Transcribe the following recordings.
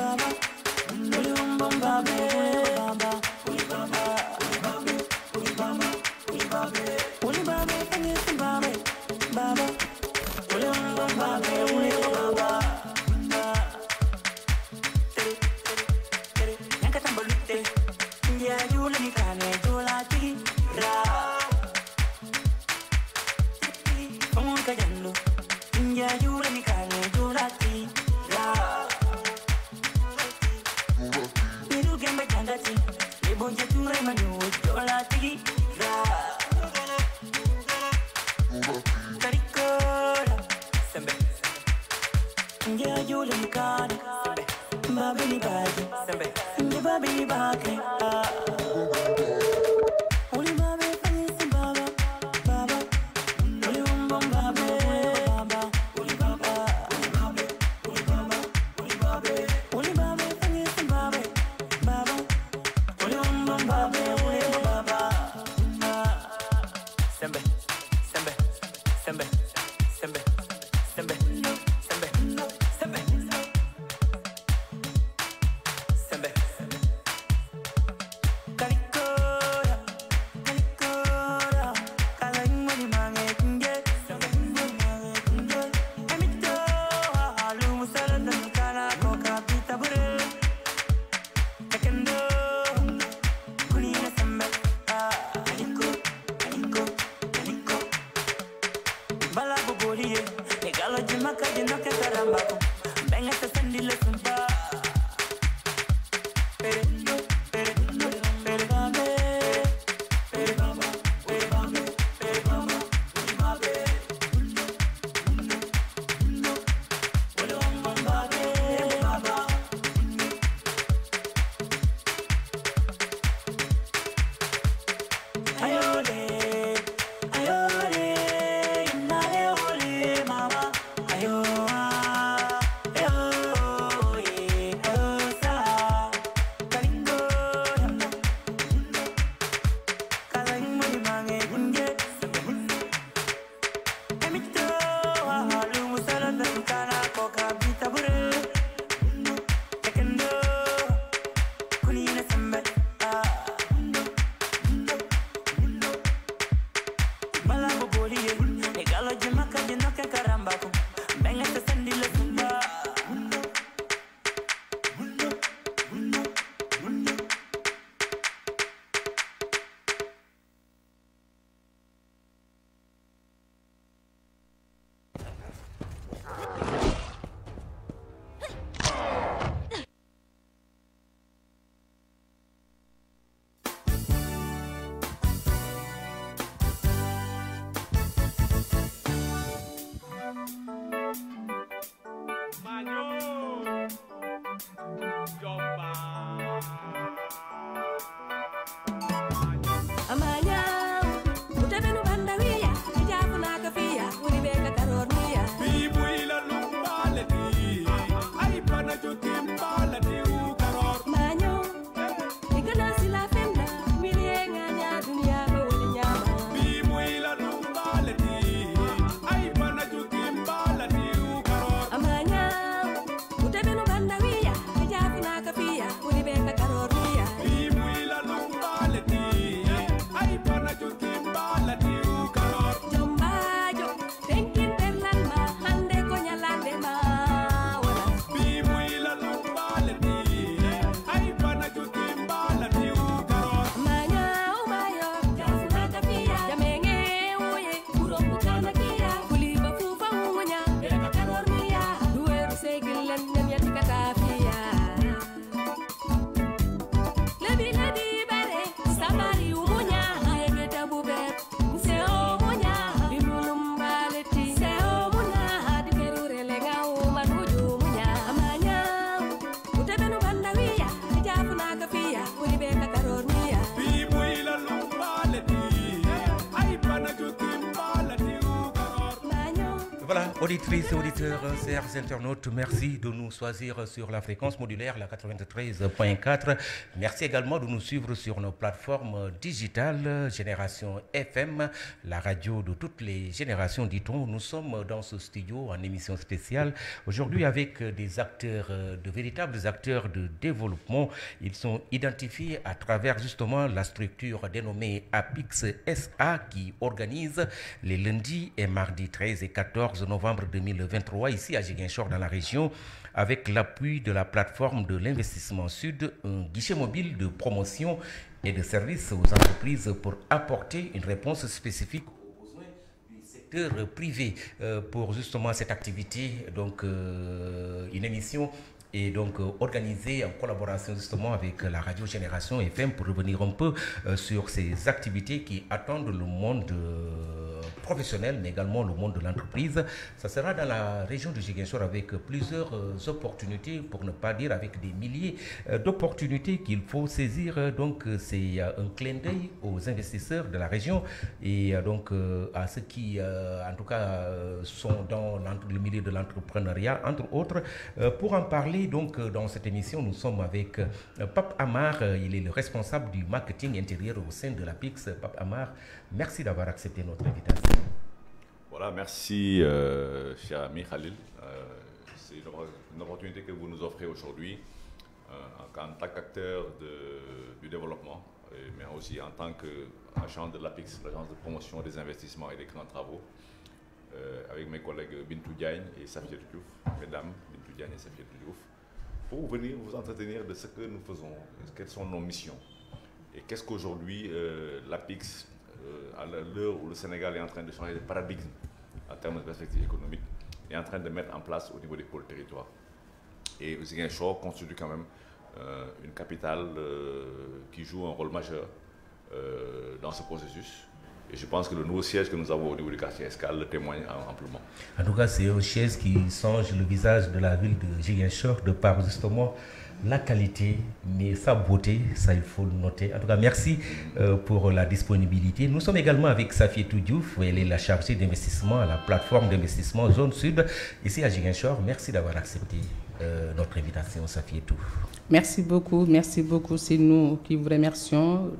Bye-bye. Auditrices et auditeurs, chers internautes, merci de nous choisir sur la fréquence modulaire, la 93.4. Merci également de nous suivre sur nos plateformes digitales, Génération FM, la radio de toutes les générations, dit-on. Nous sommes dans ce studio en émission spéciale. Aujourd'hui, avec des acteurs, euh, de véritables acteurs de développement, ils sont identifiés à travers justement la structure dénommée APIX SA qui organise les lundis et mardis 13 et 14 novembre 2023 ici à Giguinchor dans la région avec l'appui de la plateforme de l'investissement sud, un guichet mobile de promotion et de services aux entreprises pour apporter une réponse spécifique aux besoins du secteur privé euh, pour justement cette activité. Donc, euh, une émission est donc euh, organisée en collaboration justement avec la Radio Génération FM pour revenir un peu sur ces activités qui attendent le monde professionnel mais également le monde de l'entreprise. Ça sera dans la région de Jiguenchor avec plusieurs euh, opportunités, pour ne pas dire avec des milliers euh, d'opportunités qu'il faut saisir. Donc, euh, c'est un clin d'œil aux investisseurs de la région et donc à ceux qui, en tout cas, sont dans le milieu de l'entrepreneuriat, entre autres. Pour en parler, donc, dans cette émission, nous sommes avec Pape Amar. Il est le responsable du marketing intérieur au sein de la PIX. Pape Amar, Merci d'avoir accepté notre invitation. Voilà, merci, euh, cher ami Khalil. Euh, c'est une opportunité que vous nous offrez aujourd'hui euh, en tant qu'acteur du développement, mais aussi en tant qu'agent de l'APIX, l'agence de promotion des investissements et des grands travaux, avec mes collègues Bintou Diagne et Safir Diouf, mesdames Bintou Diagne et Safia Diouf, pour venir vous entretenir de ce que nous faisons, quelles sont nos missions et qu'est-ce qu'aujourd'hui l'APIX euh, à l'heure où le Sénégal est en train de changer de paradigme en termes de perspective économique, est en train de mettre en place au niveau des pôles territoires. Et Ziguinchor constitue quand même euh, une capitale euh, qui joue un rôle majeur dans ce processus. Et je pense que le nouveau siège que nous avons au niveau du quartier Escal le témoigne amplement. En tout cas, c'est un siège qui songe le visage de la ville de Ziguinchor de par justement la qualité, mais sa beauté, ça il faut le noter. En tout cas, merci euh, pour la disponibilité. Nous sommes également avec Safietou Diouf, elle est la chargée d'investissement à la plateforme d'investissement Zone Sud, ici à Giguinchor. Merci d'avoir accepté euh, notre invitation, Safietou. Merci beaucoup, merci beaucoup. C'est nous qui vous remercions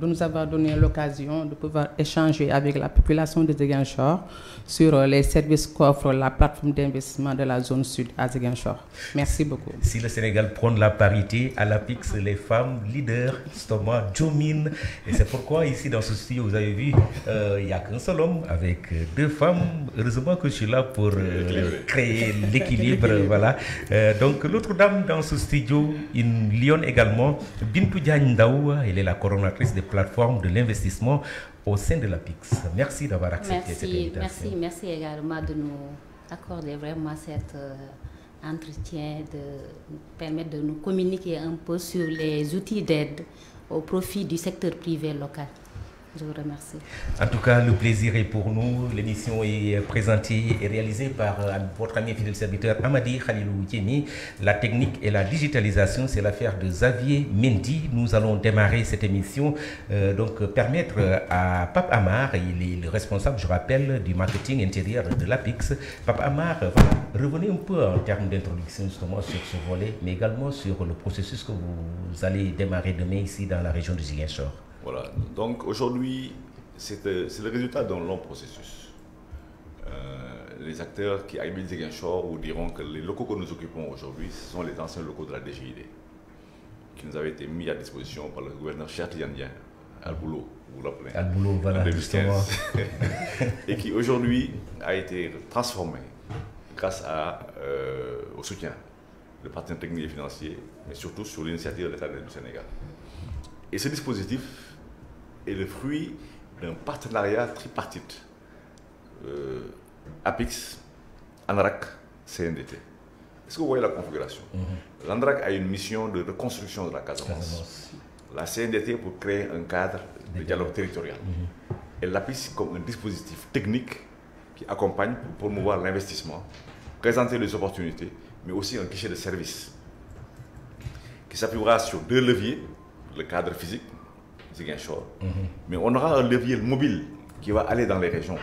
de nous avoir donné l'occasion de pouvoir échanger avec la population de Ziguinchor sur euh, les services qu'offre la plateforme d'investissement de la zone sud à Ziguinchor. Merci beaucoup. Si le Sénégal prend la parité, à l'apex, les femmes leaders, justement, Jomine, Et c'est pourquoi ici, dans ce studio, vous avez vu, euh, il n'y a qu'un seul homme avec deux femmes. Heureusement que je suis là pour euh, créer l'équilibre. voilà. donc, l'autre dame dans ce studio, une Lyon également, Bintou Diagne elle est la coronatrice des plateformes de l'investissement au sein de la PIX. Merci d'avoir accepté cette invitation. Merci, merci également de nous accorder vraiment cet euh, entretien, de permettre de nous communiquer un peu sur les outils d'aide au profit du secteur privé local. Je vous remercie. En tout cas, le plaisir est pour nous. L'émission est présentée et réalisée par euh, votre ami fidèle serviteur Amadi Khalilou Yemi. La technique et la digitalisation, c'est l'affaire de Xavier Mendy. Nous allons démarrer cette émission, euh, donc euh, permettre à Pape Amar, il est le responsable, je rappelle, du marketing intérieur de l'APIX. Pape Amar, revenez un peu en termes d'introduction justement sur ce volet, mais également sur le processus que vous allez démarrer demain ici dans la région de Ziguinchor. Voilà. Donc aujourd'hui, euh, c'est le résultat d'un long processus. Euh, les acteurs qui habitent gens, vous diront que les locaux que nous occupons aujourd'hui, ce sont les anciens locaux de la DGID qui nous avaient été mis à disposition par le gouverneur Chertiandien, Al Boulot, vous l'appelez. voilà, Et qui aujourd'hui a été transformé grâce euh, au soutien de partenaires techniques et financiers, mais surtout sur l'initiative de l'État du Sénégal. Et ce dispositif est le fruit d'un partenariat tripartite. Euh, APIX, ANRAC, CNDT. Est-ce que vous voyez la configuration mm a une mission de reconstruction de la Casamance. La CNDT pour créer un cadre de dialogue territorial. Mhm. Et comme un dispositif technique qui accompagne pour promouvoir l'investissement, présenter les opportunités, mais aussi un guichet de service qui s'appuiera sur deux leviers le cadre physique, c'est bien chaud Mais on aura un levier mobile qui va aller dans les régions.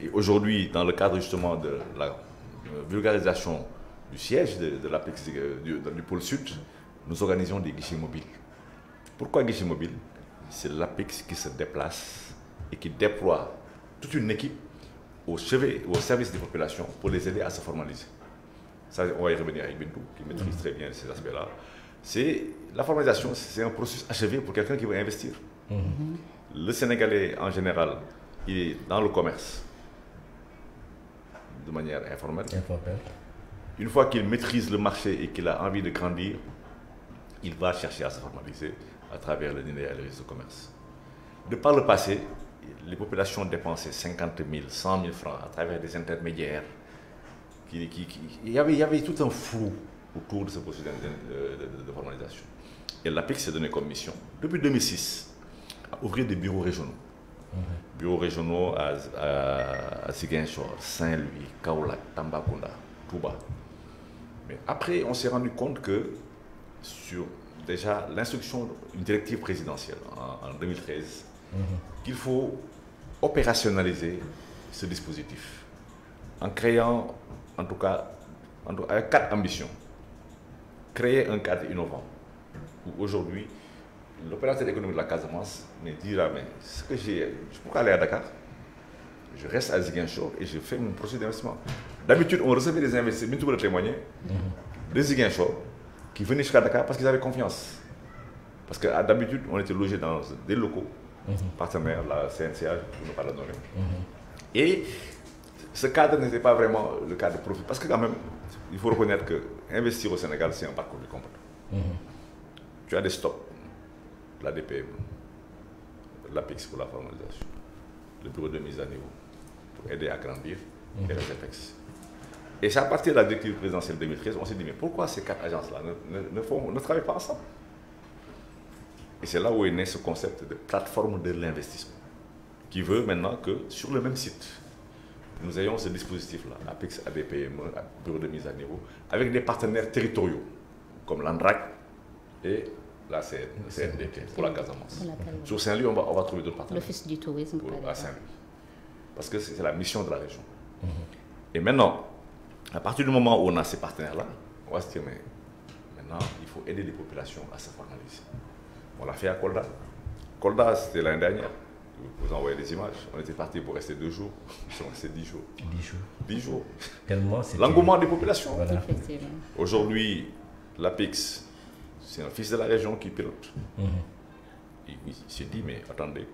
Et aujourd'hui, dans le cadre justement de la euh, vulgarisation du siège de, de l'APEX euh, du, du, pôle sud, nous organisons des guichets mobiles. Pourquoi guichets mobiles C'est l'APEX qui se déplace et qui déploie toute une équipe au au service des populations pour les aider à se formaliser. Ça, on va y revenir avec Bintou, qui maîtrise mhm. très bien ces aspects-là c'est la formalisation, c'est un processus achevé pour quelqu'un qui veut investir. Mhm. Le Sénégalais, en général, il est dans le commerce de manière informelle. Une fois qu'il maîtrise le marché et qu'il a envie de grandir, il va chercher à se formaliser à travers le NINEA et de commerce. De par le passé, les populations dépensaient 50 000, 100 000 francs à travers des intermédiaires. Qui, qui, il, y avait, il y avait tout un fou autour de ce processus de, de, formalisation. Et l'APIC s'est donné comme mission, depuis 2006, à ouvrir des bureaux régionaux. Bureaux régionaux à, à, à Saint-Louis, Kaolak, Tambacounda, Touba. Mais après, on s'est rendu compte que sur déjà l'instruction, une directive présidentielle en, 2013, mhm. qu'il faut opérationnaliser ce dispositif en créant, en tout cas, avec quatre ambitions créer un cadre innovant où aujourd'hui, l'opérateur économique de la Casamance me dira Mais ce que j'ai, je aller à Dakar je reste à Ziguinchor et je fais mon projet d'investissement. D'habitude, on recevait des investisseurs, mais tout le mhm. de des Ziguinchor qui venaient jusqu'à Dakar parce qu'ils avaient confiance. Parce que d'habitude, on était logé dans des locaux mhm. partenaires, la CNCA, pour ne pas la Et ce cadre n'était pas vraiment le cadre profit. Parce que quand même, il faut reconnaître que investir au Sénégal, c'est un parcours du combattant. Mhm. Tu as des stops, la DPM, l'APEX pour la formalisation, le bureau de mise à niveau pour aider à grandir mhm. et les Et c'est à partir de la directive présidentielle 2013, on s'est dit, mais pourquoi ces quatre agences-là ne travaillent pas ensemble Et c'est là où est né ce concept de plateforme de l'investissement, qui veut maintenant que sur le même site, nous ayons ce dispositif-là, APEX, ABPME, Bureau de mise à niveau, avec des partenaires territoriaux, comme l'ANDRAC et la CNDT, pour la Casamance. Sur Saint-Louis, on va, trouver d'autres partenaires. L'Office du tourisme. Saint-Louis. Parce que c'est la mission de la région. Mhm. Et maintenant, à partir du moment où on a ces partenaires-là, on va se dire, mais maintenant, il faut aider les populations à se formaliser. On l'a fait à Colda. Colda, c'était l'année dernière vous envoyez des images. On était parti pour rester deux jours. Ils sont restés dix jours. Dix jours. Dix jours. Tellement c'est. L'engouement des populations. Aujourd'hui, l'APEX, c'est un fils de la région qui pilote. Mhm. Il, se s'est dit, mais attendez,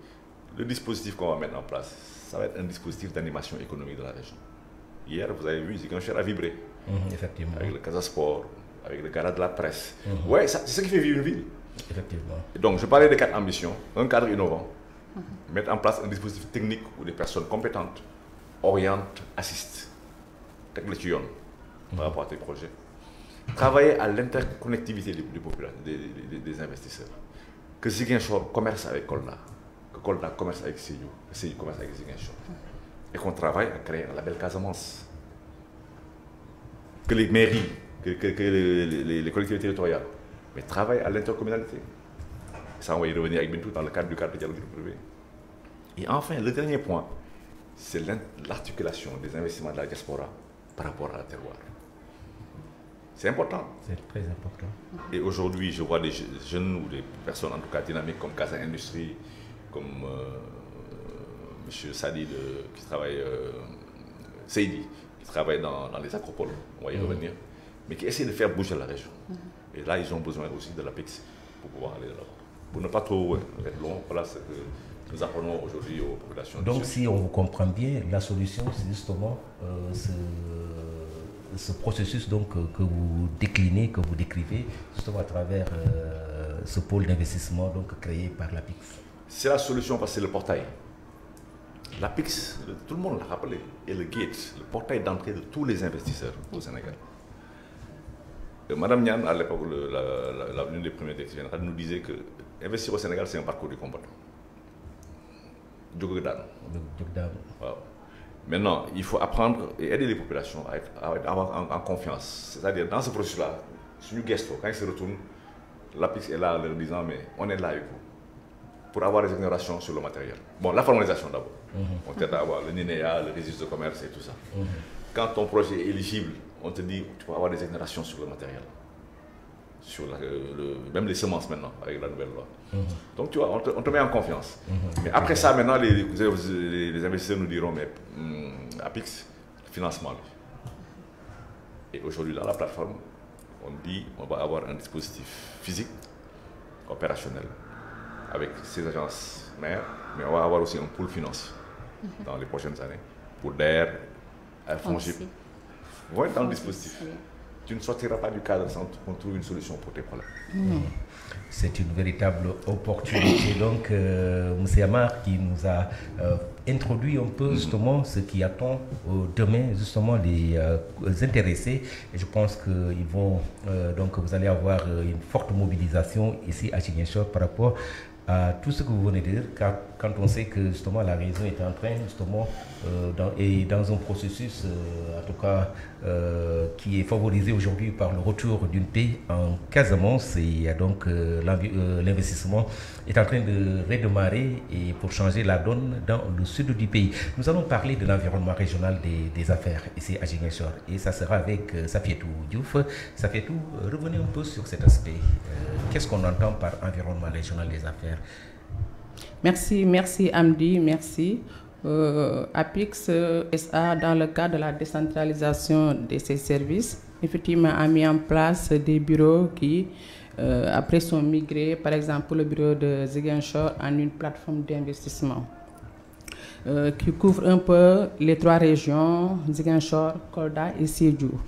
le dispositif qu'on va mettre en place, ça va être un dispositif d'animation économique de la région. Hier, vous avez vu, Zigancher a vibré. Mhm, effectivement. Avec le Casasport, avec le gala de la presse. Mhm. Ouais, c'est ce qui fait vivre une ville. Effectivement. donc, je parlais des quatre ambitions. Un cadre innovant Mhm. mettre en place un dispositif technique où des personnes compétentes orientent, assistent. avec par rapport à tes projets. Travailler à l'interconnectivité des, des, investisseurs. Que Ziguinchor commerce avec Colna, que Colna commerce avec Seyou, que Seyou commerce avec Ziguinchor. Mhm. Et qu'on travaille à créer un label Casamance. Que les mairies, que, les, collectivités territoriales, mais travaillent à l'intercommunalité. Ça, on va y revenir avec Bintou dans le cadre du cadre de dialogue privé. Et enfin, le dernier point, c'est l'articulation des investissements de la diaspora par rapport à la terroir. C'est important. C'est très important. Et aujourd'hui, je vois des jeunes ou des personnes, en tout cas dynamiques, comme Casa Industrie, comme euh, M. Sadi qui travaille, euh, qui travaille dans, les acropoles, on va y mhm. revenir, mais qui essaie de faire bouger la région. Et là, ils ont besoin aussi de l'APEX pour pouvoir aller là-bas pour ne pas trop être long, voilà ce que nous apprenons aujourd'hui aux populations. Donc, si on vous comprend bien, la solution, c'est justement euh, ce, processus donc, euh, que vous déclinez, que vous décrivez, justement à travers euh, ce pôle d'investissement créé par la PIX. C'est la solution parce que c'est le portail. La PIX, tout le monde l'a rappelé, est le gate, le portail d'entrée de tous les investisseurs au Sénégal. Madame Nyan, à l'époque, l'avenue des premiers nous disait que investir au Sénégal c'est un parcours du combattant maintenant il faut apprendre et aider les populations à avoir en, confiance c'est-à-dire dans ce processus là nous guestons, quand ils se retournent la piste est là en leur disant mais on est là avec vous pour avoir des ignorations sur le matériel bon la formalisation d'abord. Mhm. on t'aide à avoir le NINEA le registre de commerce et tout ça. Mhm. quand ton projet est éligible on te dit tu vas avoir des ignorations sur le matériel sur même les semences maintenant, avec la nouvelle loi. Mhm. Donc tu vois, on te, met en confiance. Mhm. Mais après ça, maintenant, les, les, investisseurs nous diront, mais hmm, Apix, financement, Et aujourd'hui, là, la plateforme, on dit, on va avoir un dispositif physique, opérationnel, avec ces agences mères, mais on va avoir aussi un pool finance mhm. dans les prochaines années, pour DER, Fongip. être dans le dispositif tu ne sortiras pas du cadre sans qu'on trouve une solution pour tes problèmes. C'est une véritable opportunité, donc, euh, M. Amar, qui nous a euh, introduit un peu justement ce qui attend euh, demain, justement, les, intéressés. je pense que ils vont, donc, vous allez avoir une forte mobilisation ici à Chiguinchor par rapport à tout ce que vous venez de dire, quand on sait que justement la région est en train justement euh, et dans un processus euh, en tout cas euh, qui est favorisé aujourd'hui par le retour d'une paix en Casamance et donc l'investissement est en train de redémarrer et pour changer la donne dans le sud du pays. Nous allons parler de l'environnement régional des, affaires ici à Gingachor et ça sera avec Safietou Diouf. Safietou, revenez un peu sur cet aspect. Qu'est-ce qu'on entend par environnement régional des affaires Merci, merci Amdi, merci. Euh, Apix euh, SA, dans le cadre de la décentralisation de ses services, effectivement a mis en place des bureaux qui, euh, après, sont migrés, par exemple, le bureau de Ziguinchor en une plateforme d'investissement euh, qui couvre un peu les trois régions, Ziguinchor, Kolda et Sédhiou.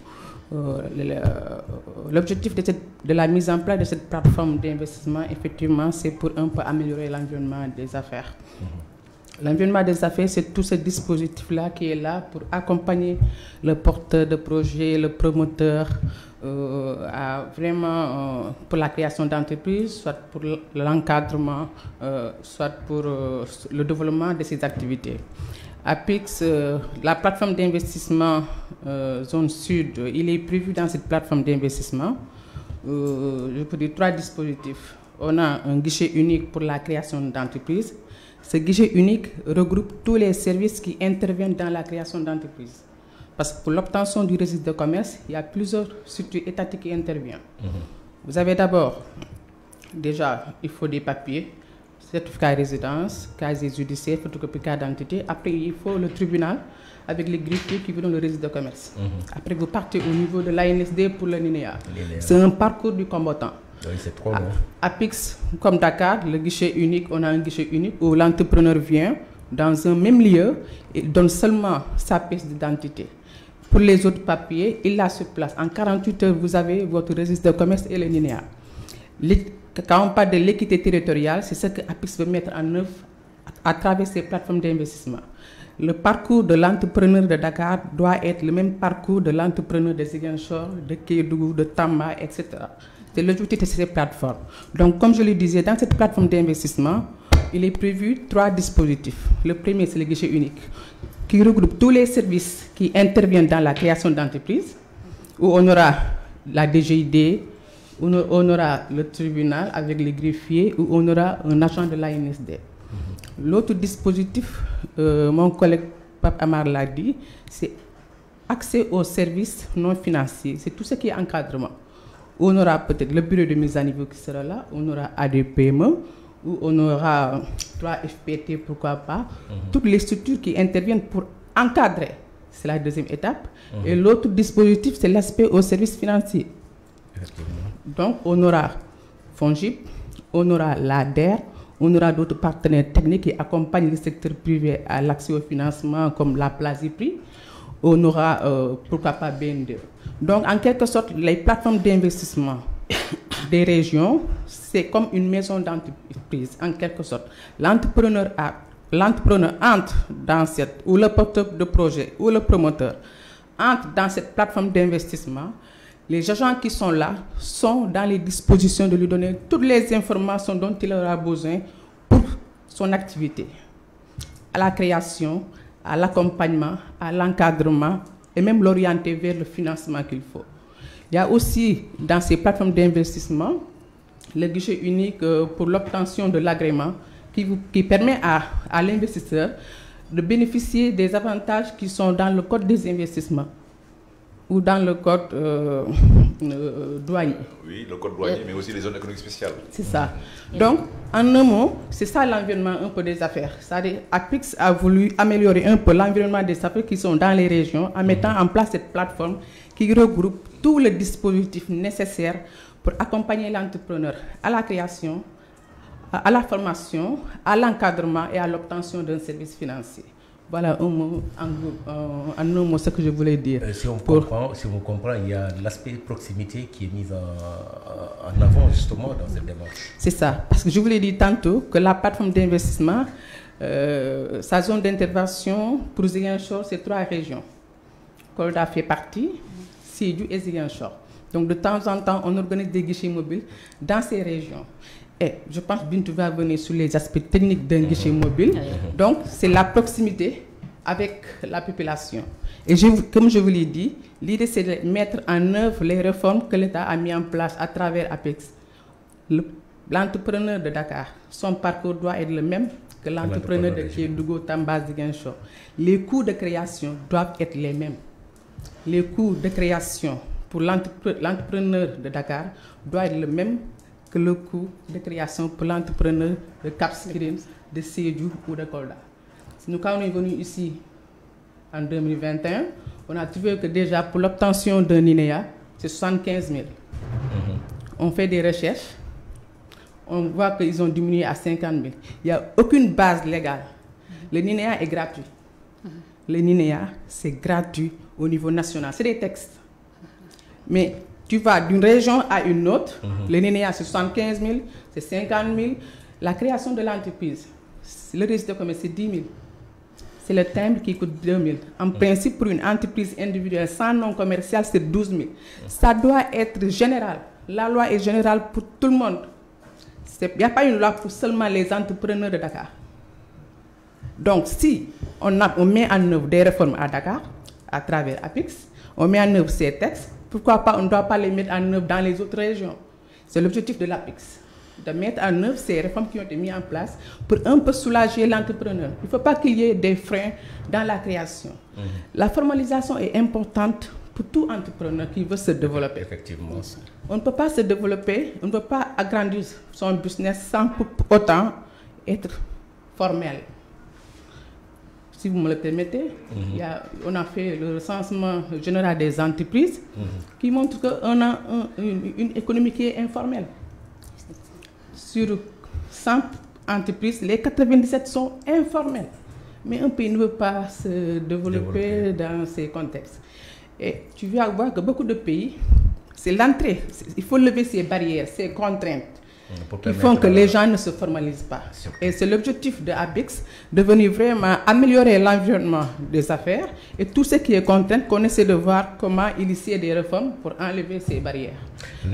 Euh, euh, l'objectif de, la mise en place de cette plateforme d'investissement, effectivement, c'est pour un peu améliorer l'environnement des affaires. Mhm. L'environnement des affaires, c'est tout ce dispositif-là qui est là pour accompagner le porteur de projet, le promoteur, euh, à vraiment pour la création d'entreprises, soit pour l'encadrement, soit pour le développement de ces activités. Apex, euh, la plateforme d'investissement euh, zone sud, il est prévu dans cette plateforme d'investissement, euh, je peux dire trois dispositifs. On a un guichet unique pour la création d'entreprises. Ce guichet unique regroupe tous les services qui interviennent dans la création d'entreprises. Parce que pour l'obtention du registre de commerce, il y a plusieurs structures étatiques qui interviennent. Mhm. Vous avez d'abord, déjà, il faut des papiers certificat de résidence, casier judiciaire, photocopie carte d'identité. Après, il faut le tribunal avec les greffiers qui vous donnent le registre de commerce. Mhm. Après, vous partez au niveau de l'ANSD pour le NINEA. C'est un parcours du combattant. Oui, c'est trop long. À, Pix, comme Dakar, le guichet unique, on a un guichet unique où l'entrepreneur vient dans un même lieu et donne seulement sa pièce d'identité. Pour les autres papiers, il la sur place. En 48 heures, vous avez votre registre de commerce et le NINEA quand on parle de l'équité territoriale, c'est ce que APIX veut mettre en œuvre à, travers ses plateformes d'investissement. Le parcours de l'entrepreneur de Dakar doit être le même parcours de l'entrepreneur de Ziguinchor, de Kédougou, de Tama, etc. C'est l'objectif de ces plateformes. Donc, comme je le disais, dans cette plateforme d'investissement, il est prévu trois dispositifs. Le premier, c'est le guichet unique, qui regroupe tous les services qui interviennent dans la création d'entreprises, où on aura la DGID, on, on aura le tribunal avec les greffiers où on aura un agent de l'ANSD. L'autre dispositif, euh, mon collègue Pape Amar l'a dit, c'est accès aux services non financiers. C'est tout ce qui est encadrement. On aura peut-être le bureau de mise à niveau qui sera là, on aura ADPME, où on aura 3 FPT, pourquoi pas. Mhm. Toutes les structures qui interviennent pour encadrer, c'est la deuxième étape. Mhm. Et l'autre dispositif, c'est l'aspect aux services financiers. Donc, on aura Fongip, on aura l'ADER, on aura d'autres partenaires techniques qui accompagnent le secteur privé à l'accès au financement, comme la Plasipri. On aura, euh, pourquoi pas, BND. Donc, en quelque sorte, les plateformes d'investissement des régions, c'est comme une maison d'entreprise, en quelque sorte. L'entrepreneur entre dans cette, ou le porteur de projet, ou le promoteur, entre dans cette plateforme d'investissement les agents qui sont là sont dans les dispositions de lui donner toutes les informations dont il aura besoin pour son activité, à la création, à l'accompagnement, à l'encadrement et même l'orienter vers le financement qu'il faut. Il y a aussi dans ces plateformes d'investissement le guichet unique euh, pour l'obtention de l'agrément qui, permet à l'investisseur de bénéficier des avantages qui sont dans le code des investissements ou dans le code euh, euh, douanier. Oui, le code douanier, euh, mais aussi les zones économiques spéciales. C'est ça. Donc, en un mot, c'est ça l'environnement un peu des affaires. C'est-à-dire, a voulu améliorer un peu l'environnement des affaires qui sont dans les régions en mettant en place cette plateforme qui regroupe tous les dispositifs nécessaires pour accompagner l'entrepreneur à la création, à la formation, à l'encadrement et à l'obtention d'un service financier. Voilà un mot, en, euh, un, ce que je voulais dire. Euh, si, on comprend, il y a l'aspect proximité qui est mis en, avant justement dans cette démarche. C'est ça, parce que je voulais dire tantôt que la plateforme d'investissement, euh, sa zone d'intervention pour Ziguinchor, c'est trois régions. Colda fait partie, Sidiou et Ziguinchor. Donc de temps en temps, on organise des guichets mobiles dans ces régions je pense que Bintou va venir sur les aspects techniques d'un guichet mobile. Mm-hmm. Donc, c'est la proximité avec la population. Et je, comme je vous l'ai dit, l'idée c'est de mettre en œuvre les réformes que l'État a mises en place à travers APEX. L'entrepreneur de Dakar, son parcours doit être le même que l'entrepreneur de Kédougou, Tambaz, Guincho. Les coûts de création doivent être les mêmes. Les coûts de création pour l'entrepreneur de Dakar doivent être le même que le coût de création pour l'entrepreneur de Cap de CEU ou de Colda. Nous, quand on est venu ici en 2021, on a trouvé que déjà pour l'obtention d'un INEA, c'est 75 000. Mm-hmm. On fait des recherches, on voit qu'ils ont diminué à 50 000. Il n'y a aucune base légale. Mm-hmm. Le NINEA est gratuit. Mm-hmm. Le NINEA, c'est gratuit au niveau national. C'est des textes. Mais tu vas d'une région à une autre. Mhm. Le NNA, c'est 75 000, c'est 50 000. La création de l'entreprise, le registre de commerce, c'est 10 000. C'est le timbre qui coûte 2 000. En mhm. principe, pour une entreprise individuelle sans nom commercial, c'est 12 000. Mhm. Ça doit être général. La loi est générale pour tout le monde. Il n'y a pas une loi pour seulement les entrepreneurs de Dakar. Donc, si on, on met en œuvre des réformes à Dakar, à travers APIX, on met en œuvre ces textes, pourquoi pas, on ne doit pas les mettre en œuvre dans les autres régions C'est l'objectif de l'APEX, de mettre en œuvre ces réformes qui ont été mises en place pour un peu soulager l'entrepreneur. Il ne faut pas qu'il y ait des freins dans la création. Mhm. La formalisation est importante pour tout entrepreneur qui veut se développer. Effectivement. On ne peut pas se développer, on ne peut pas agrandir son business sans pour autant être formel si vous me le permettez. Mhm. on a fait le recensement général des entreprises mhm. qui montre qu'on a une, économie qui est informelle. Sur 100 entreprises, les 97 sont informelles. Mais un pays ne veut pas se développer, développer. dans ces contextes. Et tu vas voir que beaucoup de pays, c'est l'entrée. Il faut lever ces barrières, ces contraintes qui font que les gens ne se formalisent pas. Et c'est l'objectif de ABIX, de venir vraiment améliorer l'environnement des affaires et tout ce qui est contraint, qu'on essaie de voir comment initier des réformes pour enlever ces barrières.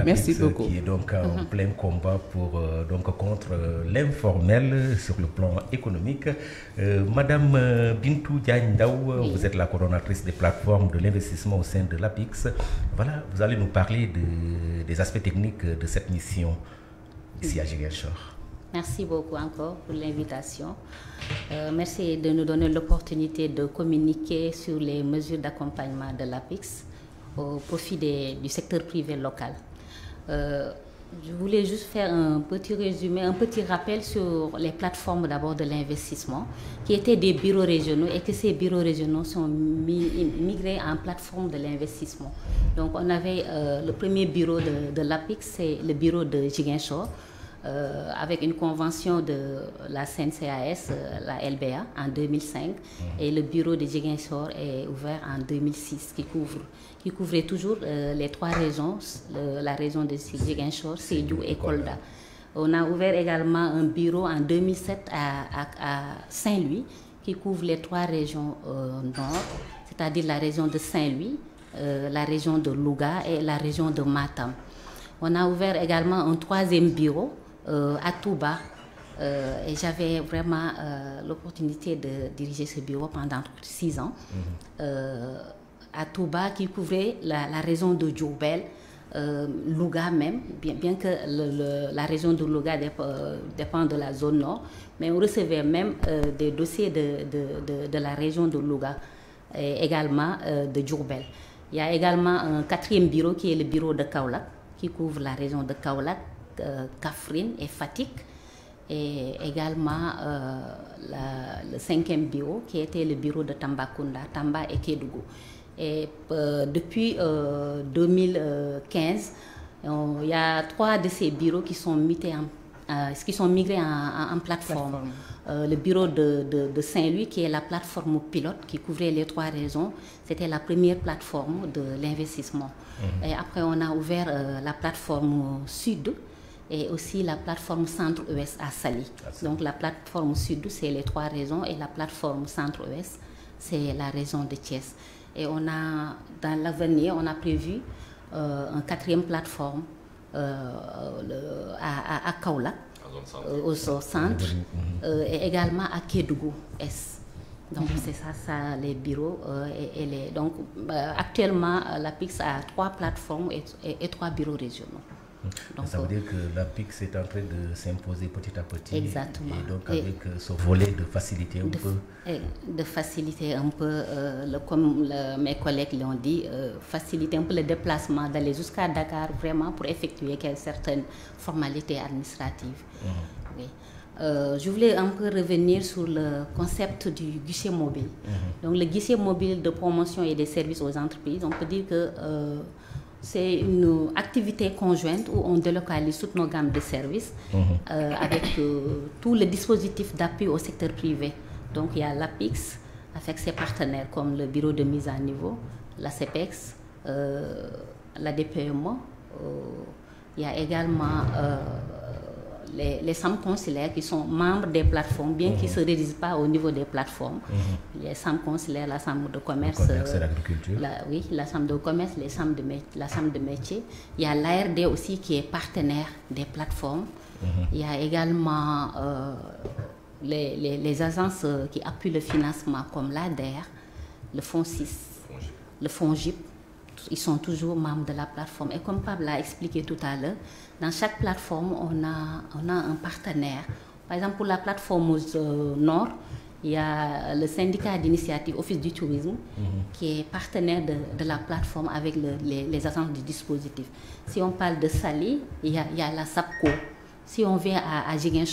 Merci beaucoup. Qui est donc euh, en mm-hmm. plein combat pour, euh, donc, contre euh, l'informel sur le plan économique. Madame Bintou Diagne oui. vous êtes la coordonnatrice des plateformes de l'investissement au sein de l'APIX. Voilà, vous allez nous parler des aspects techniques de cette mission. Merci beaucoup encore pour l'invitation. Euh, merci de nous donner l'opportunité de communiquer sur les mesures d'accompagnement de l'APIX au profit du secteur privé local. Euh, je voulais juste faire un petit résumé, un petit rappel sur les plateformes d'abord de l'investissement, qui étaient des bureaux régionaux et que ces bureaux régionaux sont migrés en plateforme de l'investissement. Donc on avait euh, le premier bureau de, l'APIC, c'est le bureau de Giguinchor, euh, avec une convention de la CNCAS, euh, la LBA, en 2005, et le bureau de Giguinchor est ouvert en 2006, qui couvre il couvrait toujours euh, les trois régions, la région de Ziguinchor, Sédu et Kolda. On a ouvert également un bureau en 2007 à, Saint-Louis qui couvre les trois régions euh, nord, c'est-à-dire la région de Saint-Louis, euh, la région de Louga et la région de Matam. On a ouvert également un troisième bureau à Touba, et j'avais vraiment l'opportunité de diriger ce bureau pendant six ans. Mhm à Touba qui couvrait la, région de Djoubel, euh, Louga même, bien, que la région de Louga euh, dépend de la zone nord, mais on recevait même euh, des dossiers de, la région de Louga et également de Djourbel. Il y a également un quatrième bureau qui est le bureau de Kaolak, qui couvre la région de Kaolak, Kafrine et Fatik et également le cinquième bureau qui était le bureau de Tambacounda, Tamba et Kédougou. Et euh, depuis 2015, euh, il y a trois de ces bureaux qui sont, en, euh, qui sont migrés en, plateforme. le bureau de, Saint-Louis, qui est la plateforme pilote qui couvrait les trois raisons, c'était la première plateforme de l'investissement. Mhm. Et après, on a ouvert la plateforme sud et aussi la plateforme centre-ouest à Sali. Donc la plateforme sud, c'est les trois raisons et la plateforme centre-ouest, c'est la raison de Thiès. Et on a, dans l'avenir, on a prévu euh, une quatrième plateforme euh, à, à, Kaula, euh, au centre, et également à Kédougou S. Donc c'est ça, ça, les bureaux. Et, les, donc actuellement, la PIX a trois plateformes et trois bureaux régionaux ça veut euh, dire que la PIC est en train de s'imposer petit à petit. Exactement. Et donc avec euh, ce volet de faciliter un peu. De faciliter un peu, euh, le, comme mes collègues l'ont dit, faciliter un peu le déplacement, d'aller jusqu'à Dakar vraiment pour effectuer certaines formalités administratives. Mmh. Oui. je voulais un peu revenir sur le concept du guichet mobile. Mmh. Donc le guichet mobile de promotion et des services aux entreprises, on peut dire que c'est une activité conjointe où on délocalise toute nos gammes de services mhm. euh, avec euh, tous les dispositifs d'appui au secteur privé. Donc il y a l'APIX avec ses partenaires comme le bureau de mise à niveau, la CEPEX, euh, la DPMO. E il y a également les, les SAM consulaires qui sont membres des plateformes, bien qu'ils ne se réalisent pas au niveau des plateformes. Mhm. Les SAM consulaires, la SAM de commerce, la, oui, la SAM de commerce, les de, la de métier. Il y a l'ARD aussi qui est partenaire des plateformes. Mhm. Il y a également euh, les, agences euh, qui appuient le financement comme l'ADER, le Fonds 6, le Fonds GIP ils sont toujours membres de la plateforme. Et comme Pablo a expliqué tout à l'heure, dans chaque plateforme, on a, on a un partenaire. Par exemple, pour la plateforme euh, Nord, il y a le syndicat d'initiative Office du tourisme mhm. qui est partenaire de, la plateforme avec les, agences du dispositif. Si on parle de Sali, il y a, la SAPCO. Si on vient à, à mhm.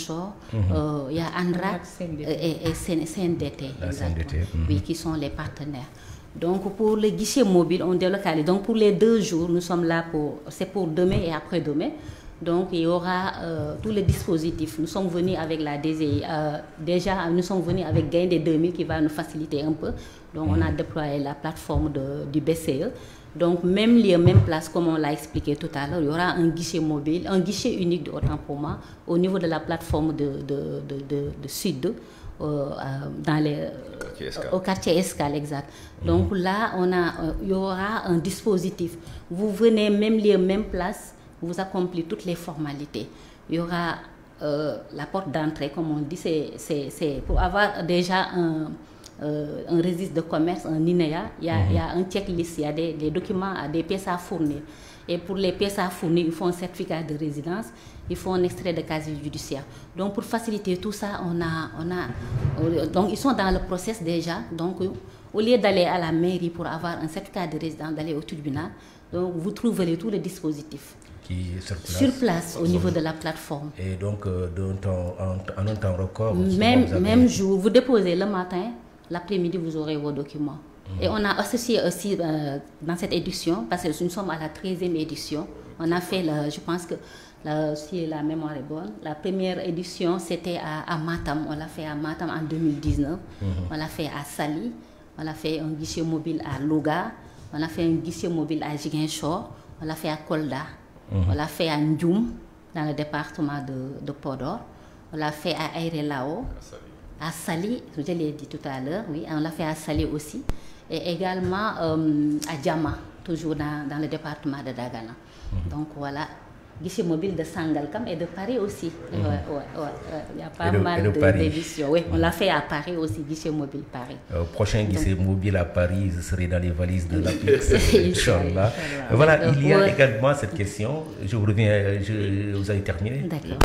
euh, il y a Andra et, et CNDT, mhm. Oui, qui sont les partenaires. Donc pour les guichets mobiles, on délocalise. Donc pour les deux jours, nous sommes là pour, c'est pour demain et après-demain. Donc il y aura euh, tous les dispositifs. Nous sommes venus avec la DZI. Euh, déjà nous sommes venus avec Gain des 2000 qui va nous faciliter un peu. Donc on a mm-hmm. déployé la plateforme du BCE. Donc, même lieu, même place, comme on l'a expliqué tout à l'heure, il y aura un guichet mobile, un guichet unique, de pour moi, au niveau de la plateforme de, de, de, de Sud euh, dans les, au quartier Escale, exact. Donc mhm. là, on a, euh, il y aura un dispositif. Vous venez même lieu, même place, vous accomplissez toutes les formalités. Il y aura euh, la porte d'entrée, comme on dit, c'est pour avoir déjà un, euh, un registre de commerce, un INEA, il y a, il y a mhm. un checklist, il y a des, des documents, des pièces à fournir. Et pour les pièces à fournir, il faut un certificat de résidence, il faut un extrait de casier judiciaire. Donc pour faciliter tout ça, on a, on a, donc ils sont dans le process déjà. Donc au lieu d'aller à la mairie pour avoir un certificat de résidence, d'aller au tribunal, donc vous trouverez tous les dispositifs. Qui sur place, au niveau de la plateforme. Et donc euh, en, un temps record. Même, même jour, vous déposez le matin, l'après-midi vous aurez vos documents. Mhm. Et on a associé aussi euh, dans cette édition, parce que nous sommes à la 13e édition, on a fait, je pense que Là aussi, la mémoire est bonne. La première édition, c'était à, Matam. On l'a fait à Matam en 2019. Mhm. On l'a fait à Sali. On a fait un guichet mobile à Loga. On a fait un guichet mobile à Jigensho, On l'a fait à Kolda. Mhm. On l'a fait à Ndjoum, dans le département de, de Podor. On l'a fait à Airelao. À Sali, je l'ai dit tout à l'heure, oui. On l'a fait à Sali aussi. Et également euh, à Djama, toujours dans, le département de Dagana. Mhm. Donc voilà, guichet mobile de Sangalkam et de Paris aussi. Mhm. Il y a pas mal d'éditions. Oui, on mhm. l'a fait à Paris aussi, guichet mobile Paris. Euh, prochain guichet mobile à Paris, ce serait dans les valises de la Inch'Allah. Voilà, euh, il y a également cette question. Je vous reviens, je, vous avez terminé D'accord.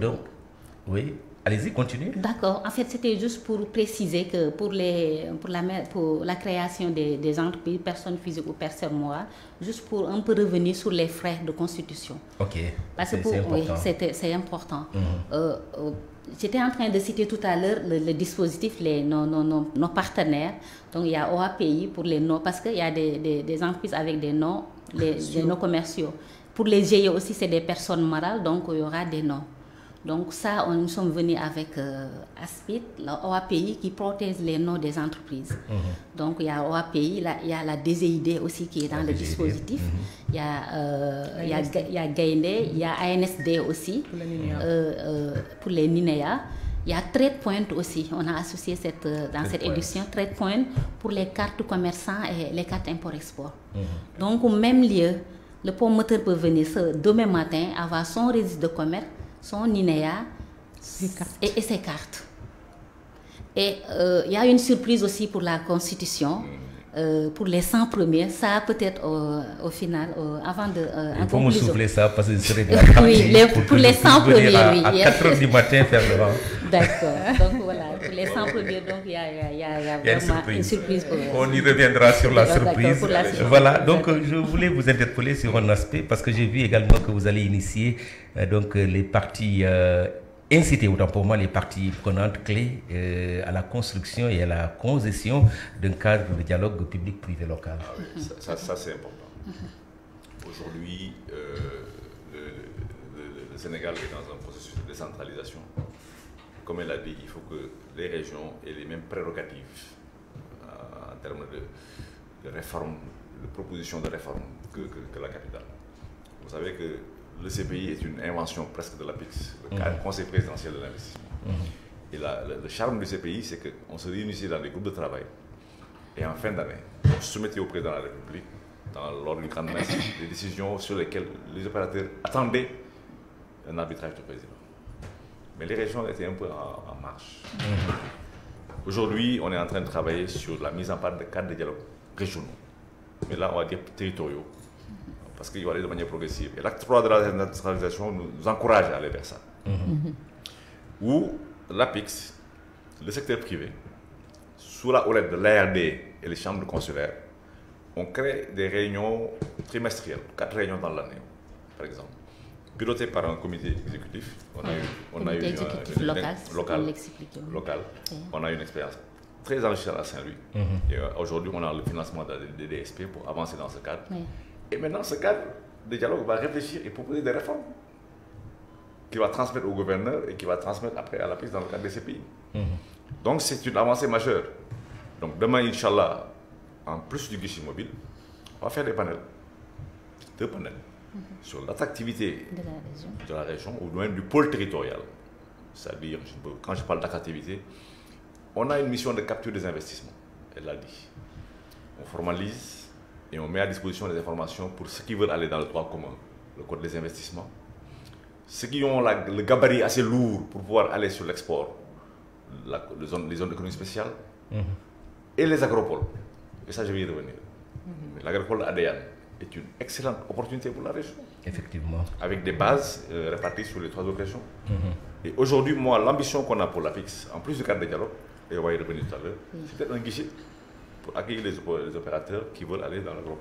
Donc, oui. Allez-y, continue. D'accord. En fait, c'était juste pour préciser que pour, les, pour, la, pour la création des, entreprises, personnes physiques ou personnes morales, juste pour un peu revenir sur les frais de constitution. OK. Parce que c'est important. c'est important. Mhm. Euh, euh, j'étais en train de citer tout à l'heure le, dispositif, les, nos, nos, partenaires. Donc, il y a OAPI pour les noms, parce qu'il y a des, des, entreprises avec des noms, les, des noms commerciaux. Pour les GIE aussi, c'est des personnes morales, donc il y aura des noms. Donc ça, on, nous sommes venus avec euh, ASPIT, l'OAPI qui protège les noms des entreprises. Mhm. Donc il y a OAPI, il y a la DZID aussi qui est dans le dispositif. Mhm. il, y a, euh, il, y a, il y a ANSD aussi pour les NINEA. Euh, euh, il y a TradePoint aussi. On a associé cette, dans cette édition TradePoint pour les cartes commerçants et les cartes import-export. Mhm. Donc, au même lieu, le promoteur peut venir ce demain matin avoir son registre de commerce son Ninea et, ses cartes. Et euh, il y a une surprise aussi pour la Constitution. Mm. Euh, pour les 100 premiers, ça peut-être euh, au, final, euh, avant de... Euh, Il faut me souffler ça parce que je serai bien Oui, les, pour, les 100 premiers, oui. À 4 h du matin, faire le vent. D'accord. Donc voilà, pour les 100 premiers, donc il y, il y a, vraiment une surprise. pour On y reviendra sur la surprise. la surprise. Voilà, donc je voulais vous interpeller sur un aspect parce que j'ai vu également que vous allez initier donc les parties inciter autant pour moi les parties prenantes clés euh, à la construction et à la concession d'un cadre de dialogue public-privé local. Ah ça, ça, c'est important. Aujourd'hui, euh, le, Sénégal est dans un processus de décentralisation. Comme elle l'a dit, il faut que les régions aient les mêmes prérogatives euh, en termes de, de réforme, de propositions de réforme que, que la capitale. Vous savez que le CPI est une invention presque de la PIX, mhm. le Conseil présidentiel de l'investissement. Mhm. Et le, charme du CPI, c'est qu'on se réunissait dans des groupes de travail. Et en fin d'année, on se mettait au président de la République, dans l'ordre du grand messe, des décisions sur lesquelles les opérateurs attendaient un arbitrage du président. Mais les régions étaient un peu en, marche. Mhm. Aujourd'hui, on est en train de travailler sur la mise en place de cadres de dialogue régionaux. Mais là, on va dire territoriaux parce qu'il va aller de manière progressive. Et l'acte 3 de la décentralisation nous encourage à aller vers ça. Mm-hmm. Où l'APIX, le secteur privé, sous la houlette de l'ARD et les chambres consulaires, on crée des réunions trimestrielles, quatre réunions dans l'année, par exemple, pilotées par un comité exécutif. On a eu, on a exécutif local, On a eu une expérience très enrichie à Saint-Louis. Mm-hmm. Et euh, Aujourd'hui, on a le financement des DSP pour avancer dans ce cadre. Oui. Et maintenant, ce cadre de dialogue va réfléchir et proposer des réformes qu'il va transmettre au gouverneur et qu'il va transmettre après à la prise dans le cadre de ces pays. Mhm. Donc, c'est une avancée majeure. Donc, demain, Inch'Allah, en plus du guichet mobile, on va faire des panels. Deux panels. Mhm. Sur l'attractivité de, la région ou même du pôle territorial. C'est-à-dire, quand je parle d'attractivité, on a une mission de capture des investissements. Elle l'a dit. On formalise et on met à disposition les informations pour ceux qui veulent aller dans le droit commun, le code des investissements. Ceux qui ont le gabarit assez lourd pour pouvoir aller sur l'export, les zones, les zones d'économie spéciale, mhm. et les agropoles. Et ça, je vais y revenir. Mhm. L'agropole ADN est une excellente opportunité pour la région. Effectivement. Avec des bases euh, réparties sur les trois occasions. Mhm. Et aujourd'hui, moi, l'ambition qu'on a pour la fixe, en plus du cadre de dialogue, et on va y revenir tout à l'heure, c'est peut-être un guichet pour accueillir les, opérateurs qui veulent aller dans le groupe.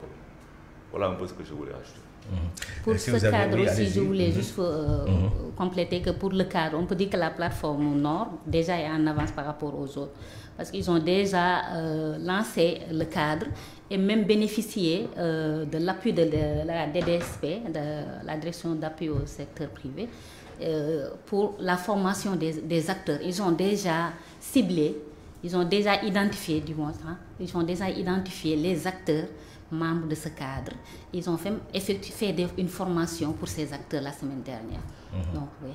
Voilà un peu ce que je voulais ajouter. Mhm. Pour ce cadre aussi, je voulais mhm. juste euh, mhm. compléter que pour le cadre, on peut dire que la plateforme Nord déjà est en avance par rapport aux autres. Parce qu'ils ont déjà euh, lancé le cadre et même bénéficié euh, de l'appui de, la DDSP, de la direction d'appui au secteur privé, pour la formation des acteurs. Ils ont déjà ciblé ils ont déjà identifié, du moins, hein. ils ont déjà identifié les acteurs membres de ce cadre. Ils ont fait, une formation pour ces acteurs la semaine dernière. Mm-hmm. Donc, oui.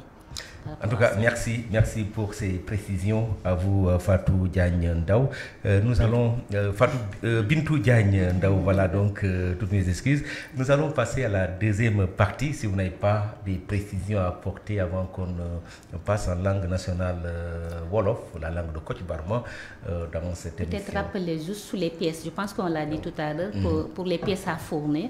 En tout cas, merci, merci pour ces précisions à vous, euh, Fatou Diagne Ndaw. Euh, nous allons, euh, Fatou Bintou Diagne voilà donc toutes mes excuses. Nous allons passer à la deuxième partie, si vous n'avez pas des précisions à apporter avant qu'on passe en langue nationale Wolof, la langue de Côte Barma, dans cette émission. Peut-être rappeler juste sous les pièces, je pense qu'on l'a dit tout à l'heure, mm. pour, pour, les pièces à fournir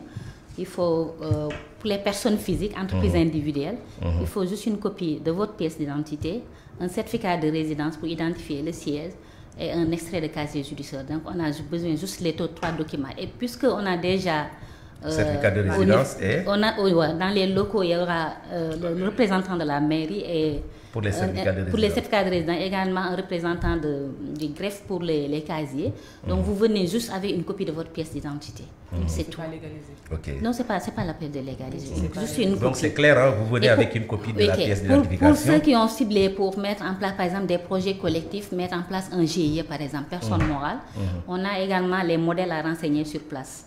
il faut, pour euh, les personnes physiques, entreprises mhm. individuelles, mhm. il faut juste une copie de votre pièce d'identité, un certificat de résidence pour identifier le siège et un extrait de casier judiciaire. Donc, on a besoin juste les trois documents. Et on a déjà euh, certificat de résidence et... on a, oh, dans les locaux, il y aura euh, le représentant de la mairie et pour les certificats de résidence. Euh, pour les de également un représentant de, du greffe pour les, casiers. Donc mhm. vous venez juste avec une copie de votre pièce d'identité. Mhm. C'est tout. Non, ce n'est pas, pas la peine de légaliser. Donc c'est clair, hein, vous venez avec une copie de la pièce d'identification. pour, ceux qui ont ciblé pour mettre en place, par exemple, des projets collectifs, mettre en place un GIE, par exemple, personne mhm. morale, on a également les modèles à renseigner sur place.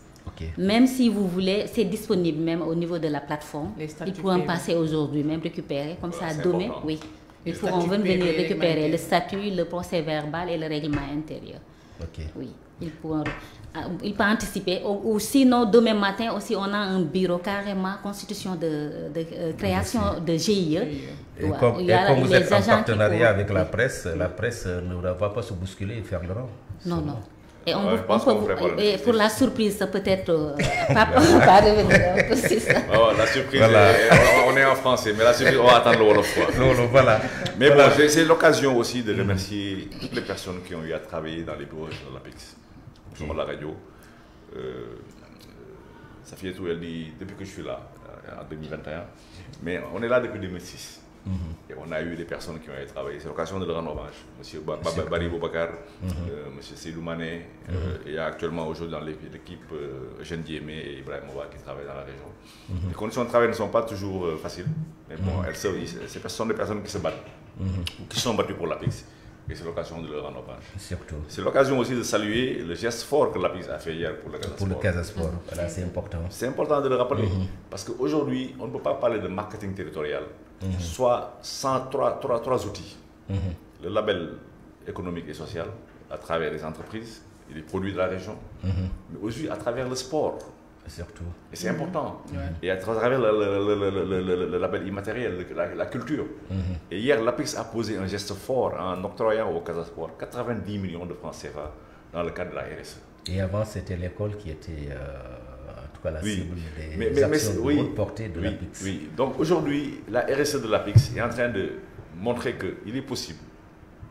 Même si vous voulez, c'est disponible même au niveau de la plateforme. Ils pourront passer aujourd'hui, même récupérer, comme ça, demain, oui. Ils pourront venir récupérer le statut, le procès verbal et le règlement intérieur. Ok. Oui, ils pourront. Ah, ils peuvent anticiper. Ou, sinon, demain matin aussi, on a un bureau carrément, constitution de, euh, création de GIE. E. Et comme, vous êtes en partenariat avec la presse, la presse ne va pas se bousculer et faire le Non, non. Et pour la surprise, peut-être euh, pas, pas revenir. Hein, la surprise, euh, on est en français, mais la surprise, on va attendre le Wolof. Mais bon, c'est l'occasion aussi de mm. remercier toutes les personnes qui ont eu à travailler dans les bureaux de l'APEX, sur mm. la radio. Euh, et tout elle dit depuis que je suis là, euh, en 2021, mais on est là depuis 2006. Mhm. Et on a eu des personnes qui ont travaillé. C'est l'occasion de le rendre hommage. Monsieur Barry Boubacar, mhm. euh, Monsieur Seydou Mané, il y a actuellement aujourd'hui dans l'équipe euh, Eugène Diémé et Ibrahim Mouba qui travaillent dans la région. Mhm. Les conditions de travail ne sont pas toujours euh, faciles, mais bon, elles sont des personnes qui se battent, ou qui sont battues pour la PIX. Et c'est l'occasion de leur rendre hommage. C'est l'occasion aussi de saluer le geste fort que la PIX a fait hier pour le Casasport. Pour le c'est important. C'est important de le rappeler, parce qu'aujourd'hui, on ne peut pas parler de marketing territorial Mhm. soit 103 trois outils. Mhm. Le label économique et social à travers les entreprises et les produits de la région, mhm. mais aussi à travers le sport. Et c'est important. Et à travers le, label immatériel, la, culture. Et hier, l'APEX a posé un geste fort en octroyant au Casasport 90 millions de francs CFA dans le cadre de la RSE. Et avant, c'était l'école qui était... Euh, oui. mais, oui, oui, donc aujourd'hui, la RSE de l'APIX est en train de montrer qu'il est possible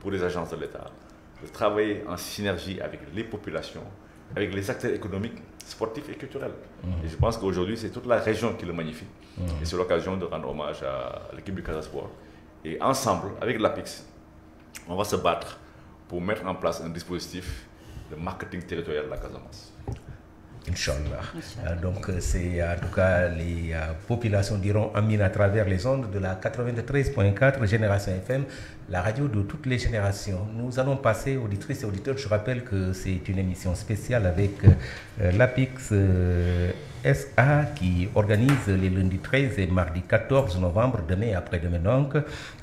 pour les agences de l'État de travailler en synergie avec les populations, avec les acteurs économiques, sportifs et culturels. Mhm. Et je pense qu'aujourd'hui, c'est toute la région qui le magnifie. Mhm. Et c'est l'occasion de rendre hommage à l'équipe du Casasport. Et ensemble, avec l'APIX, on va se battre pour mettre en place un dispositif de marketing territorial de la Casamance. Inch'Allah. Euh, donc, euh, c'est euh, en tout cas, les populations diront Amine à travers les ondes de la 93.4 Génération FM, la radio de toutes les générations. Nous allons passer, auditrices et auditeurs, je rappelle que c'est une émission spéciale avec l'APIX SA qui organise les lundis 13 et mardi 14 novembre, demain après-demain donc,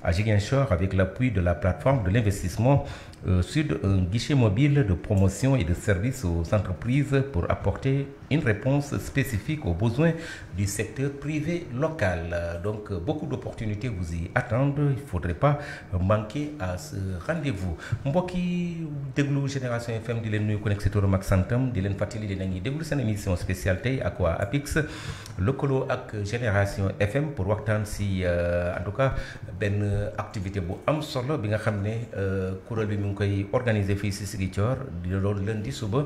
à Giguinchor avec l'appui de la plateforme de l'investissement euh, Sud un guichet mobile de promotion et de services aux entreprises pour apporter une réponse spécifique aux besoins du secteur privé local. Donc euh, beaucoup d'opportunités vous y attendent. Il ne faudrait pas manquer à ce rendez-vous. Mboki déglu Génération FM di leen nuyu ku nekk santam di leen di déglu émission spéciale Tay, Aqua waa APIX lëkkaloo ak Génération FM pour voir si euh, en tout cas une activité bu am solo bi nga mu ngi koy organiser fii si Ziguinchor di loolu di suba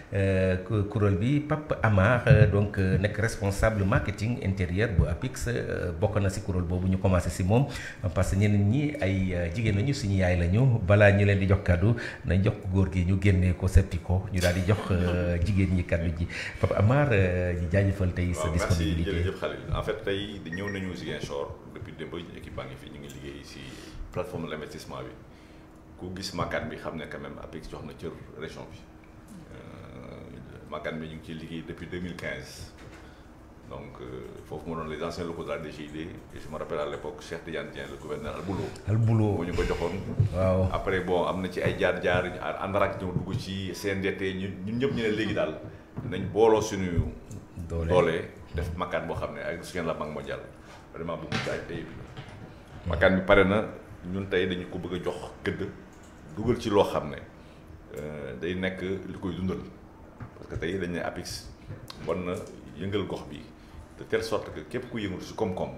Euh, kuréel bi pap Amar euh, donc euh, nekk responsable marketing intérieur bu APIX bokk na si kuréel boobu ñu commencé si moom parce que ñeneen ñi ay jigéen lañu suñu yaay lañu balaa ñu leen di jox kàddu na jox góor gi ñu génnee ko septico ñu daal di jox jigéen ñi kàddu ji pap Amar ñu jaajëfal tey sa disponibilité jërëjëf Khalil en fait tey ñëw nañu Ziguinchor depuis démb équipe baa ngi fi ñu ngi liggéey si plateforme d'investissement bi ku gis makkaan bi xam ne quand même APIX jox na cër région bi. Makan mi ñu ci ciy liggéey depuis 2015 donc fofu mo don les anciens locaux de la DGID et je me rappelle à l'époque Cheikh Tidiane Dieng le gouverneur al boulot al boulot mo ñu ko joxone waaw après bon amna ci ay jaar jaar àndarak ñu dugg ci CNDT ñun ñun ñëpp ñu né légui dal nañ bolo suñu dolé def makan bo xamné ak suñu la mag mondial vraiment bu mucc ay tay makan bi paré na ñun tay dañ ko bëgg jox gëdd dugal ci lo xamné euh day nekk likoy dundal parce que tey dañ ne apex war na yëngal gox bi de telle sorte que képp ku yëngatu ci koom-koom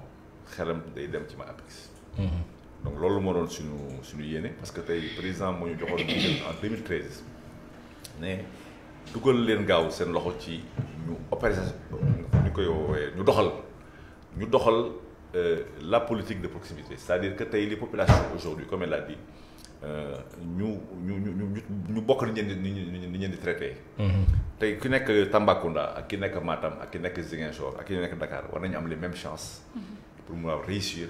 xelam day dem ci ma APIX. Mhm. donc loolu mo doon suñu suñu yéene parce que tey président moo ñu joxoon en 2013 ne dugal leen gaaw seen loxo ci ñu opération ñu koy woowee ñu doxal ñu doxal euh, la politique de proximité c'est-à-dire que tey les populations aujourd'hui comme elle a dit nous ñu ñu ñu Tambacounda Matam Dakar les mêmes chances. Mhm. pour réussir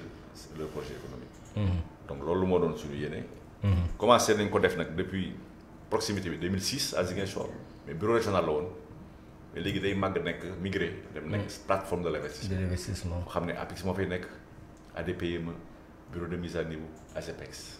le projet économique. Mhm. donc c'est ce que depuis proximité 2006 à Ziguinchor le bureau régional la mais mhm. plateforme de l'investissement. investissement. bureau de mise à niveau AGEPEX.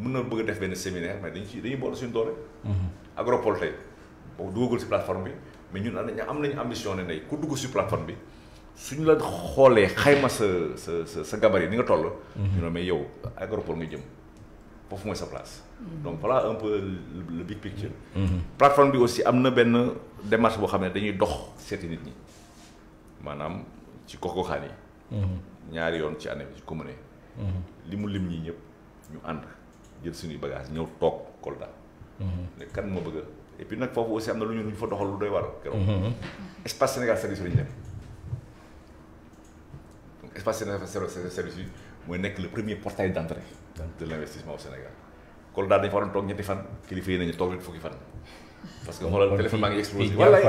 mën bëgg def benn séminaire mais dañ ci dañuy boole suñu doole. Mhm. agropole tey boo duggagul si plateforme bi mais ñun am nañ ambition ne ndey ku dugg si plateforme bi suñu la xoolee xayma sa sa sa sa gabarit ni nga toll. Mhm. ñu ne mais yow agropole nga jëm foofu mooy sa place. Mhm. donc voilà un peu le big picture. plateforme bi aussi am na benn démarche boo xam ne dañuy dox seeti nit ñi maanaam ci koko goxaan yi. ñaari yoon ci année bi ci commune li mu lim ñi ñëpp ñu ànd. jël suñuy bagage ñëw toog Kolda. Mhm. ne kan moo bëgg et puis nag foofu aussi am na lu ñu lu ñu fa doxal lu doy war keroog. Mhm. espace Sénégal espace Sénégal service bi mooy nekk le premier portail d' entrée. de l' investissement au Sénégal. Kolda dañu fa waroon toog ñetti fan kilifa nañu toog ñetti fukki fan. parce que xoolal téléphone maa ngi explosé. walaay kon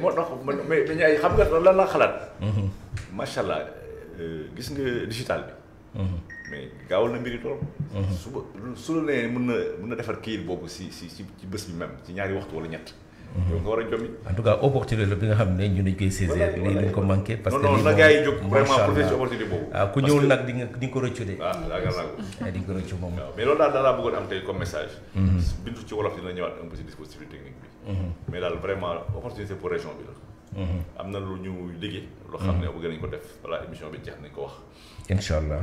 moo tax mais dañu ay xam nga lan laa xalaat. Mhm. macha allah euh, gis nga digital bi. mais gaawal na mbiri tool mhm. suba su la nee mën na mën na defar kayit boobu si si si ci bés bi même ci ñaari waxtu wala ñett mhm. yow nga war a jommi en opportunité bi nga xam ne daal daal laa bëggoon am tey comme message mhm. bindu ci wolof dina ñëwaat un peu technique bi mais daal vraiment opportunité pour région bi la am na lu ñu liggéey loo xam ne bëgg nañ ko def balaa émission bi jeex nañ ko wax incha allah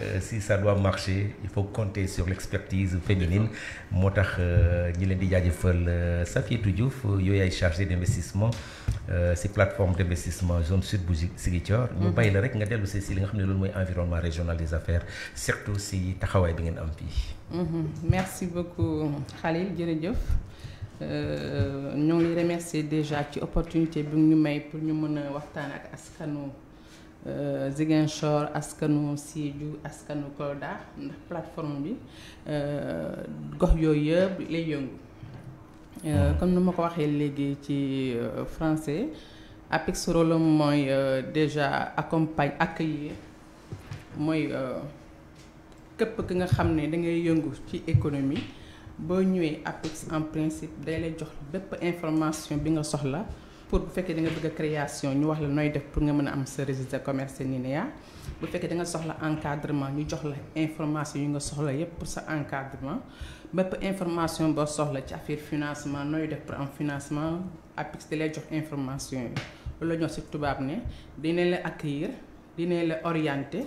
Euh, si ça doit marcher il faut compter sur l'expertise féminine moo tax euh, ñi leen di jaajëfal euh, Safietou Diouf yooyu ay chargé d'investissement ces plateformes d'investissement zone sud bu sigitior mm-hmm. ñu bàyyi la rek nga dellu si si li nga environnement régional des affaires surtout si taxawaay bi ngeen am mm-hmm. merci beaucoup Khalil jërëjëf Nous ngi remercier déjà ci opportunité bi may pour ñu mën a waxtaan ak euh, Ziguinchor askanu Sédhiou askanu Kolda ndax plateforme euh, euh, comme français APEX déjà accompagne accueillir kepp ki nga da économie APEX en principe day lay jox information bi pour bu fekkee da nga bëgg a création ñu wax la nooy def pour nga mën a am sa registre de commerce NINEA ah. bu fekkee da nga soxla encadrement ñu jox la information yu nga soxla yépp pour sa encadrement bépp information boo soxla ci affaire financement nooy def pour am financement APIX di lay jox information yi loolu la ñoo si tubaab ne dina la accueillir dina la orienter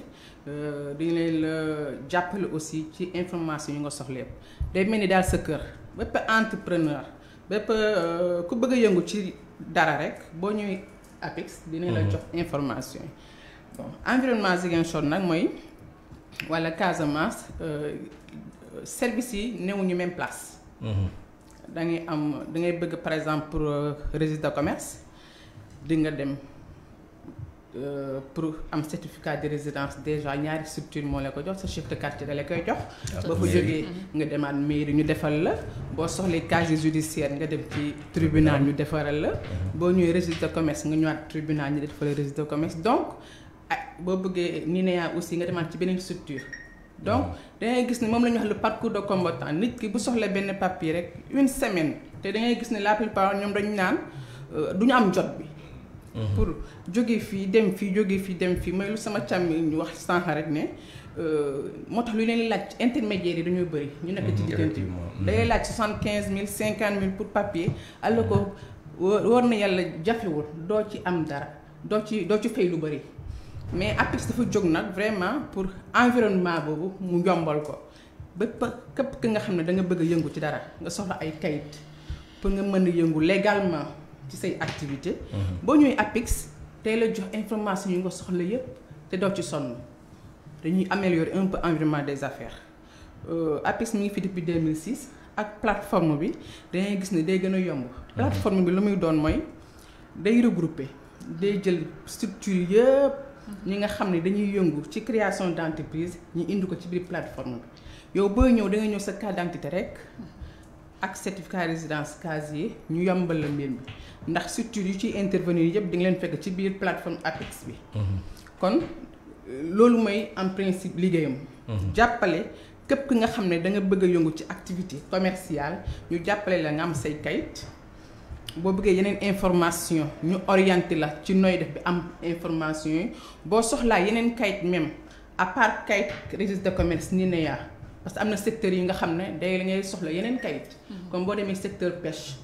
euh, dina la jàppale aussi ci information yu nga soxla yépp day mel ni daal sa kër bépp entrepreneur bépp euh, ku bëgg a yëngu ci dara rek bo ñëwee apex dina la mhm. jox information bon environnement Ziguinchor nak moy wala Casamance euh, euh, service yi newuñu même place. hmm da ngay am da ngay bëgg par exemple pour euh, registre de commerce di nga dem. Euh, pour am certificat de résidence déjà ñaari structure une la ko jox sa chef de quartier da koy jox. Ah, ba fa mm-hmm. nga mairie ñu défal la. bo soxlé judiciaire nga dem ci tribunal ñu défaral la. Mm-hmm. commerce nga tribunal commerce donc ah, aussi nga faire. ci benen structure. donc mm-hmm. da ngay gis ni mom lañ wax le parcours de combattant nit ki bu soxlé benn papier une semaine té da ngay la plupart ñom gens euh, duñu am Mhm. pour jóge fii dem fii jóge fii dem fii mooy lu sama càmmi ñu wax sànq rek ne euh, moo tax lu leen laaj intermédiaires yi dañoo bëri. ñu nekk ci mhm, diggante bi da ngay mhm. laaj soixante quinze mille cinquante mille pour papier alors ko war na yàlla jafewul doo ci am dara doo ci doo ci fay lu bëri. mais APEX dafa jóg nag vraiment pour environnement boobu mu jombal ko bépp képp ki nga xam ne da nga bëgg yëngu ci dara nga soxla ay kayit pour nga mën a yëngu légalement. ci say activité mhm. bo ñëwee APIX tey la jox information yu nga soxla yépp te doo ci sonn dañuy améliorer un peu environnement des affaires euh, APIX mi ngi fi depuis 2006 ak plateforme bi dañuy gis ne day gën a yomb mhm. plateforme bi lu muy doon mooy day regrouper day jël structure yépp ñi nga xam ne dañuy yëngu ci création d'entreprise ñu indi ko ci biir plateforme bi yow booy ñëw da nga ñëw sa carte d'identité rek ak certificat résidence casier ñu yombal la mbir mi ndax structure yi ci intervenir yëpp di nga leen fekk ci biir plateforme APEX bi. Mhm. kon loolu mooy en principe liggéeyam. Mhm. jàppale képp ki nga xam ne da nga bëgg a yëngu ci activité commerciale ñu jàppale la nga am say kayit boo bëggee yeneen information ñu orienté la ci noy def bi am information yi boo soxlaa yeneen kayit même à part kayit registre de commerce ni na yaa parce que am na secteurs yi nga xam ne day la ngay soxla yeneen kayit. comme mhm. boo demee secteur pêche.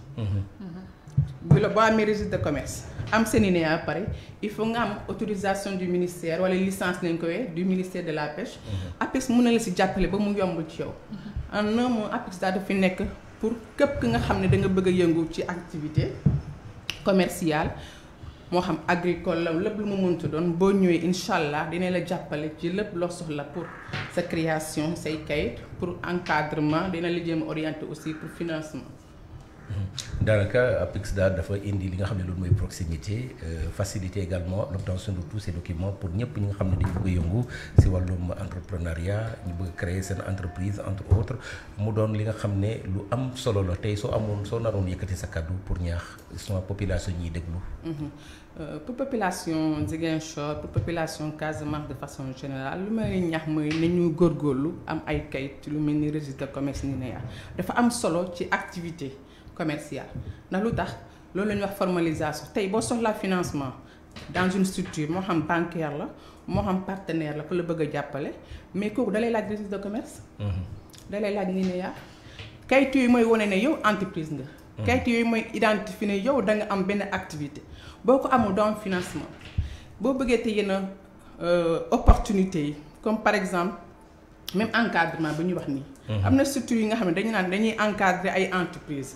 bu le boo mérite de commerce am seen pareil, il faut nga am autorisation du ministère wala licence nañ ko du ministère de la pêche. Mhm. APEX mun na la si jàppale ba mu yombul ci yow. Mhm. en un homme APEX daal dafa nekk pour que ki nga xam ne da nga bëgg yëngu ci activité commerciale moi xam agricole Le lépp lu mu mënti doon boo ñëwee incha allah dina la jàppale ci lépp pour sa création say kayit pour encadrement dina la jéem orienté aussi pour financement apex APEXDA dafa indi li nga xam ne loolu mooy proximité euh, facilité également l'obtention de tous ces documents pour ñëpp ñi nga xam ne dañu bëgg a yëngu si wàllum entrepreneuriat ñu bëgg créer seen entreprise entre autres mu doon li nga xam ne lu am solo la tey soo amoon soo naroon yëkkati sa kàddu pour ñaax sama population ñiy déglu. Mhm. Euh, pour population Ziguinchor pour population Casamance de façon générale lu may ñaax mooy nañu góorgóorlu am ay kayit lu mel ni registre commerce ni ne dafa am solo ci activité commercial ndax lu tax loolu la ñuy wax formalisation tey boo soxlaa financement dans une structure moo xam bancaire la moo xam partenaire la ku la bëgg a mais kooku dalay laaj registre de commerce. Mhm. dalay laaj ni ne yaa tu yi mooy wane ne yow entreprise nga. Mhm. kayitu yooyu mooy identifié, ne yow da nga am benn activité boo ko amul doo financement boo bëggee te yenn euh, opportunité comme par exemple même encadrement bi ñu wax nii. Mhm. am na structure yi nga xam ne dañu naan dañuy encadrer ay entreprise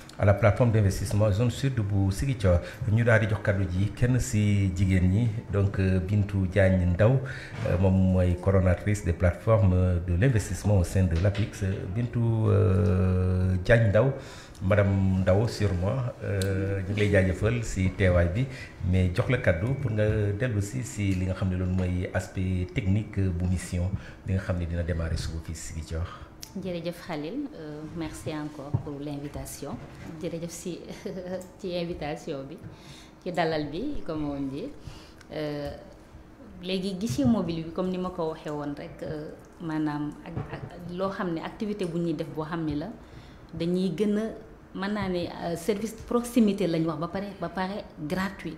à la plateforme d'investissement zone sud de nous avons jox nous donc euh, Bintou Diagne Ndaw euh, coronatrice des plateformes de l'investissement au sein de l'APIX Bintou euh, Diagne Ndaw madame Ndaw sûrement nous mais pour nga nous li nga techniques aspect technique mission nga démarrer si euh, merci encore pour l'invitation si ci invitation bi ci dalal bi comme on dit euh, mobile comme euh, activité bu def la dañuy service proximité lañ wax ba gratuit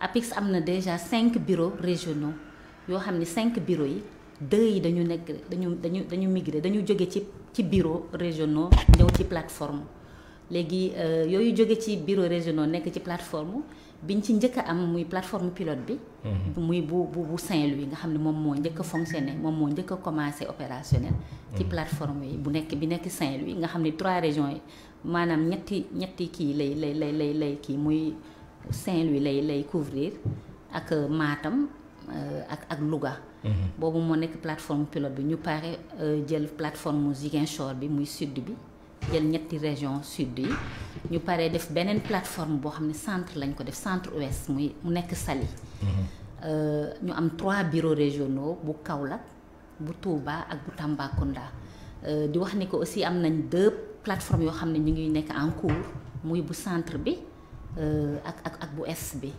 APIX a déjà cinq bureaux régionaux Il y cinq bureaux deux yi dañu bureaux régionaux et ci plateforme Les euh, bureaux régionaux et ci plateformes biñ ci plateforme pilote mhm. muy bu bu opérationnel. ci mhm. plateforme yi bu Saint-Louis trois régions Saint-Louis lay lay couvrir ak euh, Matam euh, ak ak Louga. Mhm. bobu mo nek plateforme pilote bi ñu pare euh, jël plateforme musique Ziguinchor bi muy sud bi jël ñetti région sud yi ñu paré def benen plateforme bo xamné centre lañ ko def centre ouest muy mu nekk Saly. Mhm. Euh, ñu am trois bureaux régionaux bu Kaolack bu Touba ak bu Tambacounda euh di wax ni ko aussi am nañ deux plateformes yo xamné ñu ngi nek en cours muy bu centre bi. Euh, ak ak ak bu es bi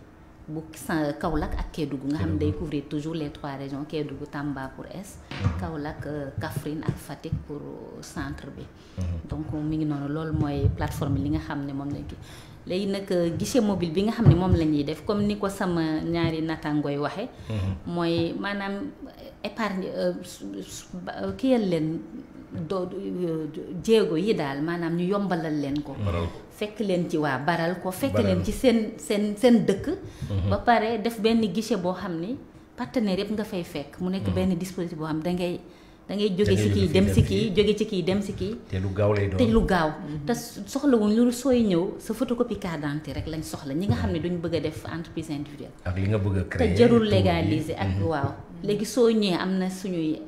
bu Kaolack ak Kédougou nga xam day couvrir toujours les trois régions Kédougou Tamba pour S mhm. Kaolack euh, Kaffrine ak Fatick pour euh, centre bi mhm. donc mi ngi noonu loolu plateforme li nga xam ne moom lañ ki léegi nag guichet mobile bi nga xam ne moom la ñuy def comme ni ko sama ñaari nattangooy waxe mhm. mooy maanaam épargne kiyal leen do jéego yi daal maanaam ñu yombalal leen ko fekk leen ci waa baral ko fekk leen ci seen seen seen dëkk mhm. ba pare def benn guichet boo xam ni partenaire yëpp nga fay fekk mu nekk mhm. benn dispositif boo xam da ngay da jóge kii dem si kii jóge ci kii dem si kii te lu gaaw lay doon te lu gaaw mhm. te soxlawuñ loolu sooy ñëw sa photocopie rek lañ soxla ñi nga xam ne duñ bëgg a def entreprise individuelle ak li nga bëgg a créer te waaw léegi soo ñëwee am na suñuy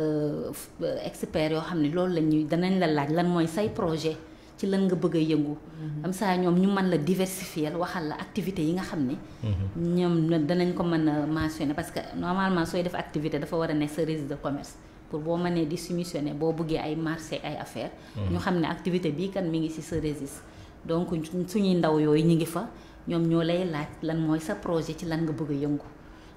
euh, euh, experts yoo xam ne loolu la ñuy danañ la laaj lan mooy say projet ci lan nga bëgg a yëngu. am mhm. saa ñoom ñu man la diversifier waxal la activité yi nga xam ni mhm. ñoom danañ ko mën a mentionner parce que normalement sooy def activité dafa war a ne sa de commerce. pour boo mënee di soumissionner boo bëggee ay marché ay affaire mhm. ñu xam ne activité bii kan mi ngi ci sa registre donc suñuy ndaw yooyu ñu ngi fa ñoom ñoo lay laaj lan mooy sa projet ci lan nga bëgg yëngu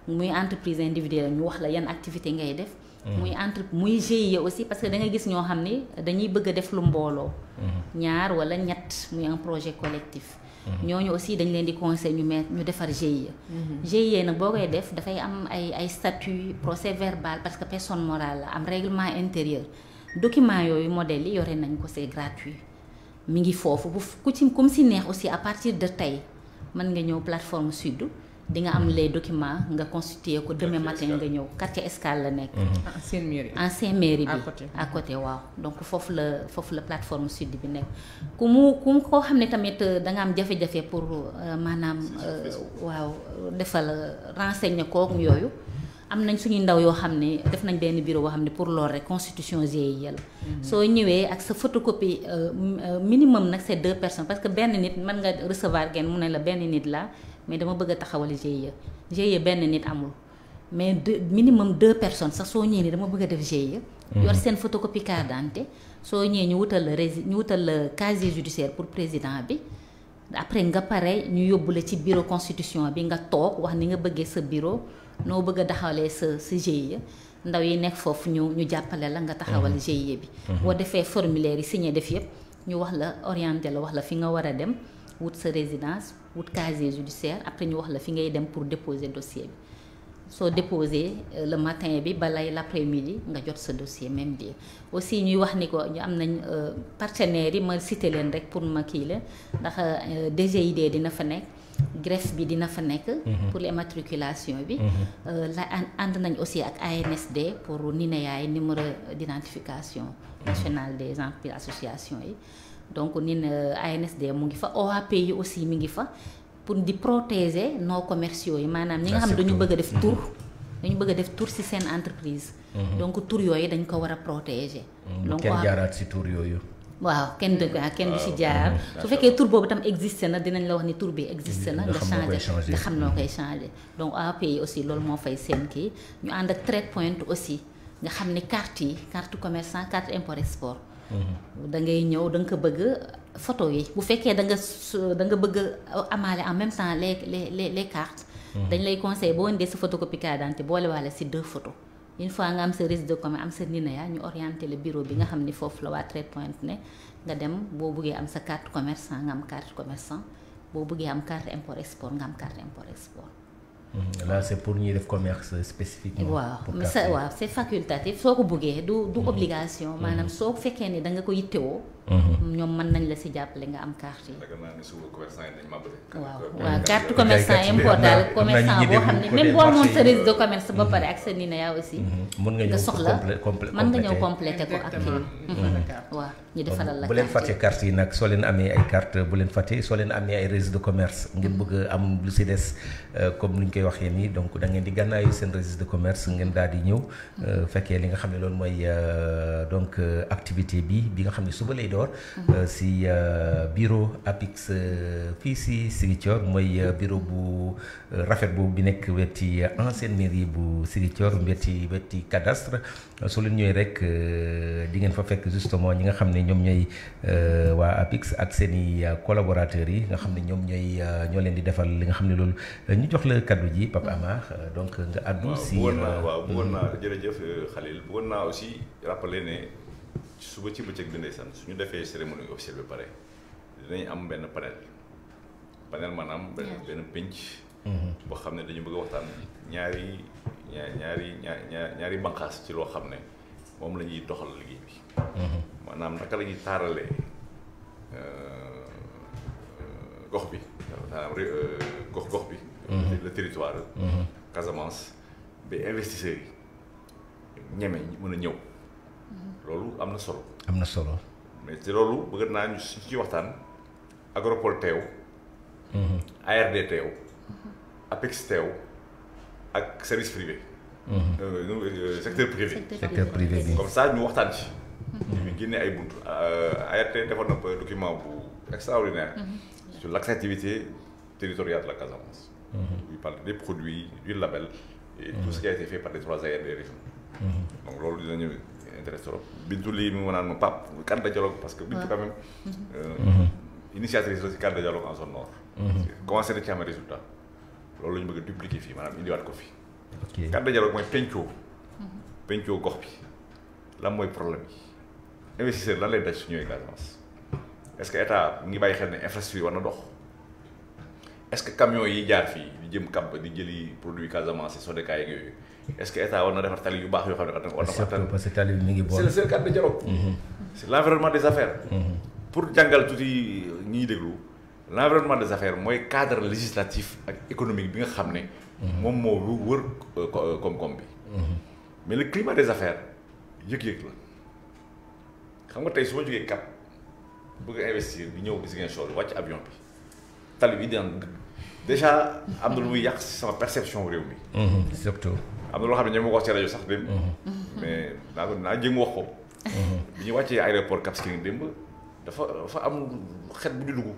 muy entreprise individuelle ñu wax la yan activité ngay def Mm. muy entre muy GIE aussi parce que da nga gis ño xamni dañuy bëgg def lu mbolo mm. ñaar wala ñett muy un projet collectif mm. ñoñu aussi dañ leen di conseil ñu met ñu defar GIE mm-hmm. GIE nak bokay def da fay am ay ay statut procès verbal parce que personne morale am règlement intérieur document yooyu modèle yi yoré nañ ko c'est gratuit mi ngi fofu bu ku ci comme si neex aussi à partir de tay man nga ñëw plateforme sud di nga am les document nga constituer ko demain matin nga ñëw quartier Escale la nekk. Mhm. Ah, ancienne mairie ancienne mairie bi à côté à côté waaw donc foofu la foofu la plateforme sud bi nekk ku mu ku mu koo xam ne tamit euh, danga am jafe-jafe pour euh, maanaam euh, waaw defal renseigner kooku yooyu. am nañ suñuy ndaw yoo xam ne def nañ benn bureau boo xam ne pour loolu rek constitution GIE la mhm. soo ñëwee ak sa photocopie minimum nag c'est deux personnes parce que benn nit mën nga recevoir genn mu ne la benn nit la mais dama bëgg taxawal GIE GIE benn nit amul mais minimum deux personnes sax soo ñëwee ni dama bëgg a def GIE. Mhm. yor seen photocopie carte d'identité soo ñëwee ñu wutal la ñu wutal la casier judiciaire pour président bi après nga pare ñu yóbbu la ci bureau constitution bi nga toog wax ni nga bëggee sa bureau noo bëgg a taxawalee sa sa GIE ndaw yi nekk foofu ñu ñu jàppale la nga taxawal mhm. GIE bi. Mhm. boo defee formulaire yi signé def yëpp ñu wax la orienté la wax la fi nga war a dem. wut sa résidence wut casier judiciaire après ñu wax la fi ngay dem pour déposer dossier bi soo déposé euh, le matin bi balay l'après-midi nga jot sa dossier même dia aussi ñuy wax ni ko ñu am nañ euh, partenaires yi ma cité leen rek pour ma kii la ndax DGID euh, dina fa nekk greffe bi dina fa nekk mhm. pour les matriculations, bi mhm. la ànd nañ aussi ak ANSD pour NINEA numéro d'identification nationale des entreprises associations yi donc nin euh, ANSD mu ngi fa OAP yi aussi mi ngi fa pour di protéger nos commerciaux yi maanaam ñi nga xam mm-hmm. dañu bëgg a def tour dañu bëgg def tour ci seen entreprise mm-hmm. donc tour yooyu dañ ko war a protéger mm-hmm. donc kenn jaaraat ci tour yooyu waaw kenn du kenn du jaar su fekkee tour boobu tam existe na dinañ la wax ni tour bi existe na nga changé nga xam noo koy changé donc OAP yi aussi loolu moo fay seen kii ñu ànd ak trade point aussi nga xam ne carte yi carte commerçant carte import export da ngay ñëw da nga ko bëgg photo yi bu fekkee da nga da nga bëgg amaale en même temps les les les les cartes. Mhm. dañ lay conseillé boo indee sa photocopie carte d'identité waale si deux photos. une fois nga am sa risque de commun am sa NINEA ñu oriente le bureau bi nga xam ni foofu la waa Trade Point ne nga dem boo buggee am sa carte commerçant nga am carte commerçant boo buggee am carte import export nga am carte import export. Mhm. là c'est pour ñuy def commerce spécifiquement. pour waaw waaw c'est facultatif soo ko bëggee du du mhm. obligation maanaam mhm. soo fekkee ne da nga ko yittewoo. ñoom mën nañ la si jàppale nga am carte yi waaw waaw carte commerçant import daal commerçant boo xam ne même boo amoon sa de commerce ba pare ak sa nina yaa aussi mën nga soxla mën nga ñëw complété ko ak kii waaw ñu defaral la bu leen fàtte carte yi nag soo leen amee ay carte bu leen fàtte soo leen amee ay registre de commerce ngeen bëgg am lu si des comme ni ñu koy waxee nii donc da ngeen di gànnaayu seen registre de commerce ngeen daal di ñëw mm. eh, fekkee li nga xam ne loolu mooy eh, donc activité bi bi nga xam ne suba lay d'or uh, si uh, bureau APIX Fisi uh, si Ziguinchor mooy bureau bu rafet bu bi nekk weti ancienne mairie bu Ziguinchor weti weti cadastre su leen ñëwee rek di ngeen fa fekk justement ñi nga wa ne ñoom wa waa APIX ak seen i collaborateurs yi nga xam ne ñoom ñooy leen di defal li nga xam ne ñu jox la kaddu ji Papa Amar donc nga addu si wa wa buona waaw bëggoon mm-hmm. Khalil bëggoon naa aussi rappeler ne suba ci bëcëk bi ndeysaan suñu défé cérémonie officielle bi pare dinañ am ben panel panel manam ben benn pinch, mhm. boo xam ne dañu bëgg waxtaan ñaari ñaari ñaari ñaari ñaari ci lo xamné mom lañuy doxal liggéey bi manam mhm. naka lañuy taralé euh gox bi euh, gox gox bi mhm. le territoire Casamance ba investisseur yi ñeme mën a loolu am na solo. am na solo. mais te loolu bëgg naa ñu si ci waxtaan agropole teew. Mhm. ARD teew. APEX teew ak service privé. Mhm. Euh, euh, secteur privé. secteur privé bi comme ça ñu waxtaan ci. Mhm. ñu génne ay bunt euh, ART defoon na document bu extraordinaire. sur l'acceptabilité territoriale de la Casamance. il parle des produits du label. et tout ce qui a été fait par les trois ARD régions. donc loolu dinañu intéresse trop Bintu lii mu ma naan ma carte de dialogue parce que Bintu quand même mm-hmm. Euh, mm-hmm. initiatrice la si carte de dialogue en zone nord mm-hmm. commencer na ci am résultat loolu la bëgg dupliquer fi manam indi wat ko fii carte de dialogue mooy pencho pencho gox bi la moy problème investisseur lan lay daj ñoy ñëwee est-ce que état ngi bay xel ne infrastructure war na dox est-ce que camion yi jaar fi di jëm camp di jëli produit Casamance Sodaca yeeg yooyu est-ce que état war na defar tali yu baax yoo xam ne war na ko. war na ko parce que tali bi mi ngi boole. c'est le seul cadre de dialogue. Mhm. c'est l'environnement des affaires. Mhm. pour jàngal tuuti ñi ñuy déglu l'environnement des affaires mooy cadre législatif ak économique bi nga xam ne. Mhm. moom moo lu wër euh, koom-koom bi. mais le climat des affaires yëg-yëg la xam nga tey su ma jógee Cap bëgg a investir bi ñëw Ziguinchor wàcc avion bi tali bi daan déjà am na lu muy yàq si sama perception réew mi. surtout. am na loo xam ne ñoom ko wax ci rajo sax démb. Mhm. mais naa ko naa jéem wax ko. Mhm. bi ñu wàccee aéroport Cap Skirring démb dafa dafa am xet bu ñu dugg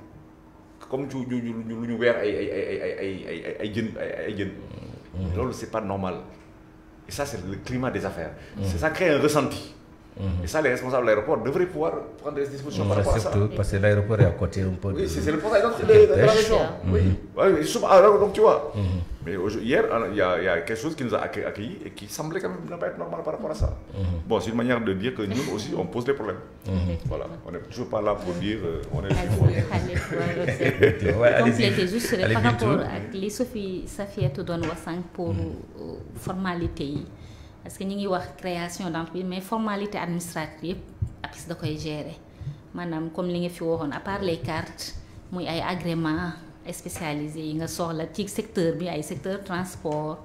comme ci ñu ñu lu ñu weer ay ay ay ay ay ay ay jën ay jën. Mhm. loolu c'est pas normal et ça c'est le climat des Et ça, les responsables de l'aéroport devraient pouvoir prendre des dispositions par rapport à ça. parce que l'aéroport est à côté un peu. Oui, c'est le point de, de, de, la région. Mmh. Oui. Alors, ah, donc tu vois. Mhm. Mais hier, il y, a quelque chose qui nous a accueillis et qui semblait quand même ne pas être normal par rapport à ça. Mhm. Bon, c'est une manière de dire que nous aussi, on pose des problèmes. Mhm. Voilà. On n'est toujours pas là pour dire euh, on est ah, pour. juste par rapport à les Sophie Safia Don Wassang pour euh, formalité parce que ñu ngi wax création d'entreprise mais formalité administrative APIS da koy gérer maanaam comme li nga fi waxoon à part les cartes muy ay agrément spécialisés yi nga soxla ci secteur bi ay secteur transport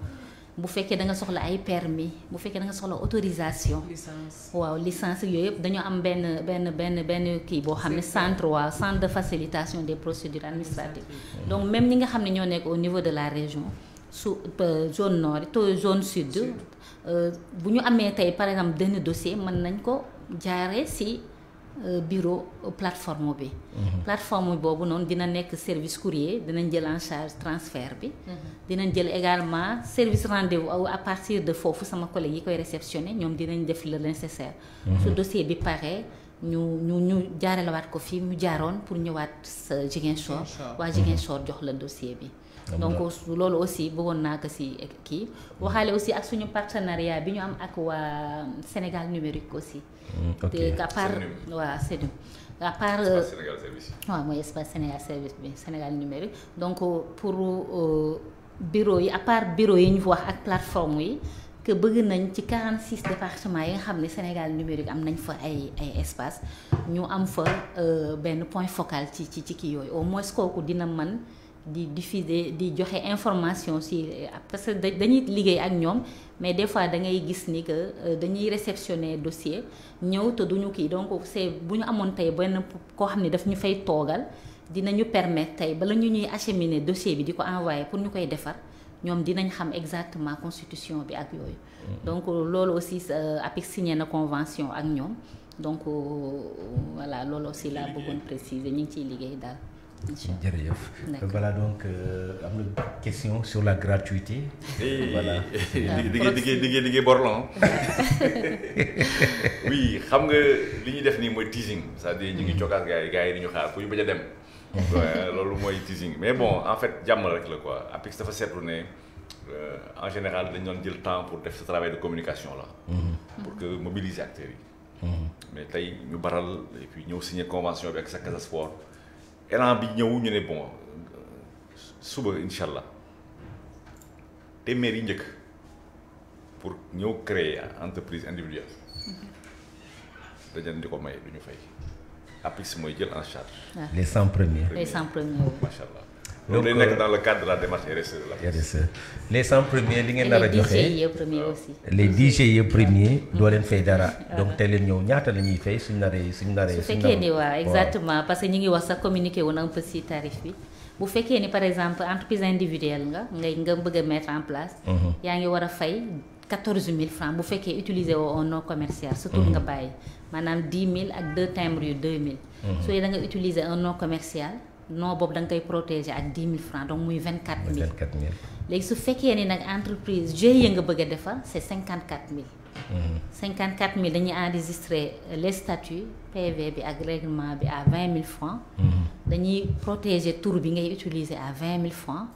bu fekkee da nga soxla ay permis bu fekkee da nga soxla autorisation. licence waaw licence yooyu yëpp dañoo am benn benn benn benn kii boo xam ne centre waaw centre de facilitation des procédures administratives. donc même ñi nga xam ne ñoo nekk au niveau de la région su euh, zone nord to zone sud. Euh, bu ñu amee tey par exemple benn dossier mën nañ ko jaaree ci euh, bureau euh, plateforme bi. Mhm. plateforme boobu noonu dina nekk service courrier dinañ jël en charge transfert bi. Mhm. dinañ jël également service rendez-vous à partir de foofu sama collègue yi koy réceptionné ñoom dinañ def le nécessaire. Mhm. su dossier bi paree ñu ñu ñu jaarelawaat ko fii mu jaaroon pour ñëwaat sa Ziguinchor. waa Ziguinchor jox la dossier bi. donc loolu aussi bëggoon naa ko si kii waxaale aussi ak suñu partenariat bi ñu am ak waa euh, Sénégal numérique aussi. Mm, ok te à part waa Sédum euh, Sénégal service. waaw mooy espace Sénégal service bi Sénégal numérique donc euh, pour bureau yi à part bureau yi ñu wax ak plateforme yi. que bëgg nañ ci quarante 46 départements yi nga xam ni Sénégal numérique am nañ fa ay ay espace ñu am fa benn point focal ci ci ci kii yooyu au moins kooku dina mën di diffuser di joxe information si parce que dañuy liggéey ak ñoom mais des fois da ngay gis ni que euh, dañuy réceptionner dossier ñëw te duñu kii donc c'est bu ñu amoon tey benn koo xam ne daf ñu fay toogal dinañu permettre tey bala ñu ñuy acheminer dossier bi di ko envoyer pour ñu koy defar ñoom dinañ xam exactement constitution bi ak yooyu. Mm-hmm. donc loolu aussi APIX signé na convention ak ñoom donc euh, voilà loolu aussi la bëggoon préciser ñu ngi ciy liggéey daal jërëjëf voilà donc euh, am question sur la gratuité. voilà di ngeen di ngeen di borlon oui xam nga li ñuy def nii mooy teasing c'est-à-dire ñu ngi mm. cokkaas gars yi gars yi di ñu xaar pour ñu bañ a dem. Mm. loolu mooy teasing mais bon en fait jàmm rek la quoi ça dafa seetlu ne euh, en général dañ doon jël temps pour def ce travail de communication là. Mm. pour que mobiliser acteurs yi. mais tey ñu baral et puis ñëw signer convention bi ak sa Casa Sport. elan bi ñëw ñu né bon suba inshallah té téeméer yi njëkk pour ñëw créer ya, entreprise individuelle da jënd diko may duñu fay APIX moy jël en charge. Nah. les 100 premiers les 100 premiers machallah donc sommes euh, dans le cadre de la démarche RSE RSE les 100 premiers li ngeen nar a joxe les 10 GIE premiers aussi. les 10 GIE premiers doo leen des dara. donc ils leen ñëw ñaata la ñuy fay suñu naree C'est ce su fekkee exactement parce que nous avons communiqué un peu sur les tarifs. Si vous faites, par exemple une entreprise individuelle vous ngay mettre en place. vous devez faire 14 000 francs vous fekkee mhm. mhm. utiliser un nom commercial. surtout vous bàyyi maintenant, 10 000 et deux timbres 2 000. Si vous utilisez un nom commercial. Nous avons protégé à 10 000 francs donc 24 000. 24 000. léegi su une entreprise jëye 54 000. 54 000 avons enregistrer les statuts PV et le règlement à 20 000 francs. Nous mhm. avons protégé les tour bi utilisé à 20 000 francs.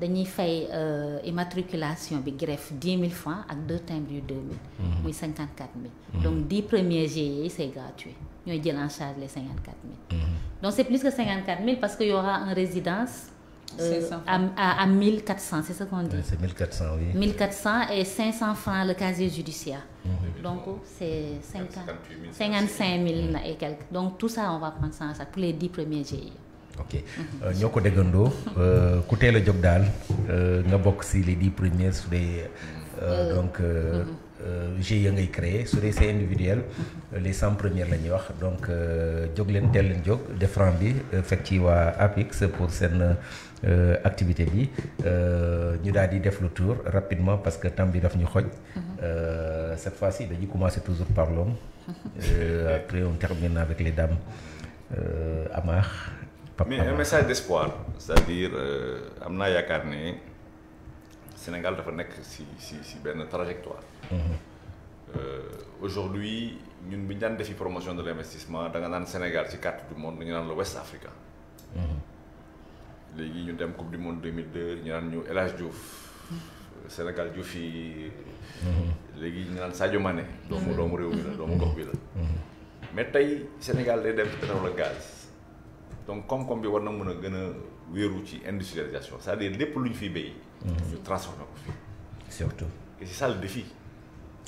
avons fait une immatriculation bi greffe 10 000 francs et deux timbres de 2 000. 54 000. donc 10 premiers GIE c'est gratuit Nous avons en charge les 54 000. Donc c'est plus que 54 000 parce qu'il y aura une résidence euh, à, 1400, c'est ce qu'on dit. c'est 1400, oui. 1400 et 500 francs le casier judiciaire. Mm-hmm. Donc, c'est 55 000 et quelques. Donc, tout ça, on va prendre ça pour les 10 premiers GI. ok dit que nous le le le job les 10 premiers euh, euh, donc. Mm-hmm j'ai euh, créé sur euh, les essais individuels les 100 premières lañuy donc euh, jóg leen teel jog jóg defran bi fekk ci APIX pour cette activité bi ñu faire le tour rapidement parce que temps bi daf ñu mhm. cette fois-ci dañuy commencer toujours par l'homme après on termine avec les dames Amar mais un message d'espoir c'est-à-dire euh, amna yakarne Sénégal dafa nek une trajectoire euh, aujourd'hui ñun bi ñu daan promotion de l'investissement investissement da nga naan Sénégal ci carte du monde ñu naan le West Africa. -hmm. léegi ñu dem coupe du monde 2002 ñu naan ñu El Hadj Diouf. Sénégal Diouf yi. Mm-hmm. léegi ñu naan Sadio Mané. doomu mm-hmm. doomu réew mi la doomu gox bi la. Mm-hmm. mais tay Sénégal day dem ci pétrole gaz. donc comme comme bi war na mën a gën a ci industrialisation c'est-à-dire lépp lu ñu fiy béy. ñu transformé ko fii. surtout et c'est ça le défi.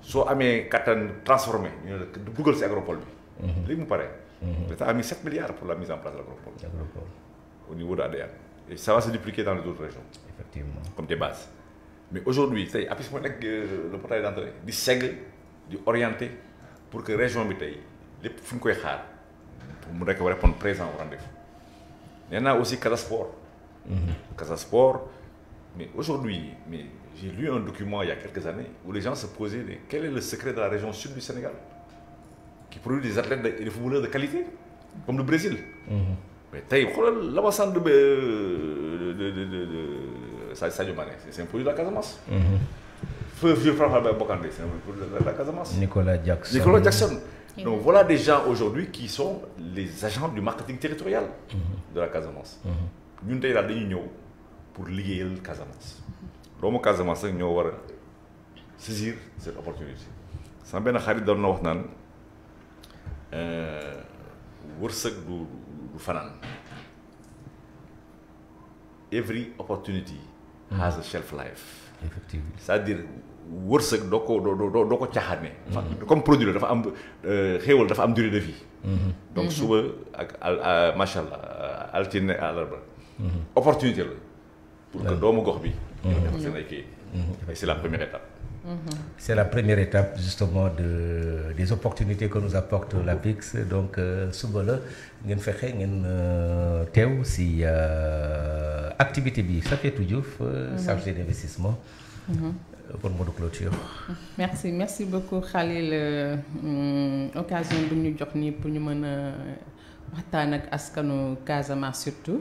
soo amee kattan transformé ñu ne la dugal si agropole bi. Mhm. léegi mu pare. ça a mis 7 milliards pour la mise en place de l'agropole. au niveau de l'ADN. Et ça va se dupliquer dans les autres régions. Effectivement. Comme des bases. Mais aujourd'hui, c'est APIS nekk euh, le portail d'entrée di segg di orienter pour que région bi tey lépp fu ñu koy xaar pour mu nekk répondre présent au rendez-vous. nee naa aussi Casasport. Mhm. Casasport mais aujourd'hui mais. J'ai lu un document il y a quelques années où les gens se posaient quel est le secret de la région sud du Sénégal qui produit des athlètes et des footballeurs de qualité, comme le Brésil. -hmm. Mais la de, c'est un produit de la Casamance. -hmm. c'est un la Casamance. Nicolas Jackson. Nicolas Jackson. Donc voilà des gens aujourd'hui qui sont les agents du marketing territorial mhm. de la Casamance. Nous, sommes là pour lier la Casamance. doomu Casamance rek ñoo war a saisir cette benn xarit doon na wax naan euh, wërsëg du du fanaan every opportunity has a shelf life. doo ko doo doo comme produit la dafa am euh, xéewal dafa am durée de vie. Mm-hmm. donc suba ak al euh, allah altine àllarba. Mm-hmm. opportunité la pour que doomu gox bi. Mhm. Mhm. Mhm. c'est la première étape. C'est la première étape justement des opportunités que nous apporte la PIX. Donc, euh, sous vous ngeen fexe une euh, teew si euh, activité bi Safietou Diouf. chargé d'investissement. pour mot de clôture. merci merci beaucoup Khalil mm, occasion de ñu jox pour ñu ce que nous ak askanu Casamance surtout.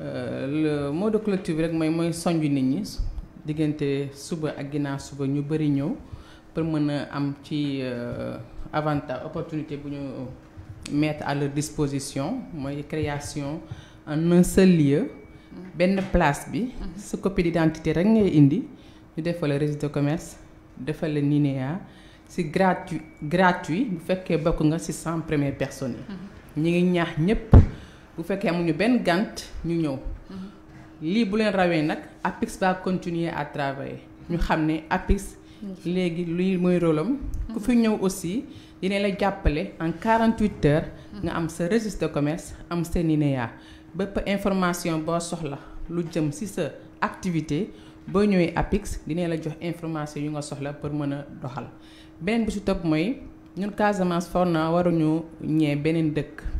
Euh, le mot de collectif bi rek moy moy sonj nit ñi diggante suba ak ginnaaw suba ñu bari ñëw pour mën am ci euh, avantage opportunité bu ñu mettre à leur disposition moy création en un seul lieu benn place bi mhm. sa copie d'identité rek ngay indi ñu defal la registre de commerce defal la NINEA si gratuit gratuit bu fekkee bokk nga si 100 premières personnes yi mhm. ñi ngi ñaax ñëpp bu fekkee amuñu benn gant, ñu ñëw mhm. lii bu leen rawee nag apex va continuer à travailler ñu xam ne APIX mhm. léegi luy mooy rôlam ku fi mhm. ñëw aussi dina la jàppale en 48 heures nga am sa registre de commerce am sa NINEA bépp information boo soxla lu jëm ci sa activité boo ñëwee Apex, dina la jox information yu nga soxla pour mën a doxal beneen bi ci topp mooy ñun Casamance for waruñu ñee beneen dëkk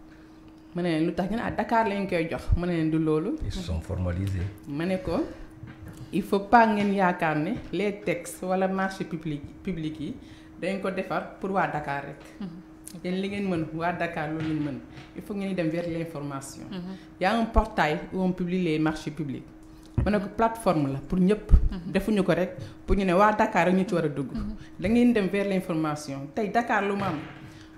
mané ne leen lu tax ñu ne ah, Dakar lañ koy jox mané ne du lolu ils sont formalisés. mané ko il faut pas ngeen yaakaar ne les textes wala marché public public yi dañ ko défar pour wa Dakar rek. Mhm. yéen li ngeen mën wa Dakar loolu lañ mën il faut ngeen dem vers l'information information. Mhm. y' a un portail où on publie les marchés publics. mané ko mhm. plateforme la pour ñëpp. defuñu ko rek pour ñu né wa Dakar rek ñu ci wara dugg. da ngeen dem vers l'information tay Dakar lu ma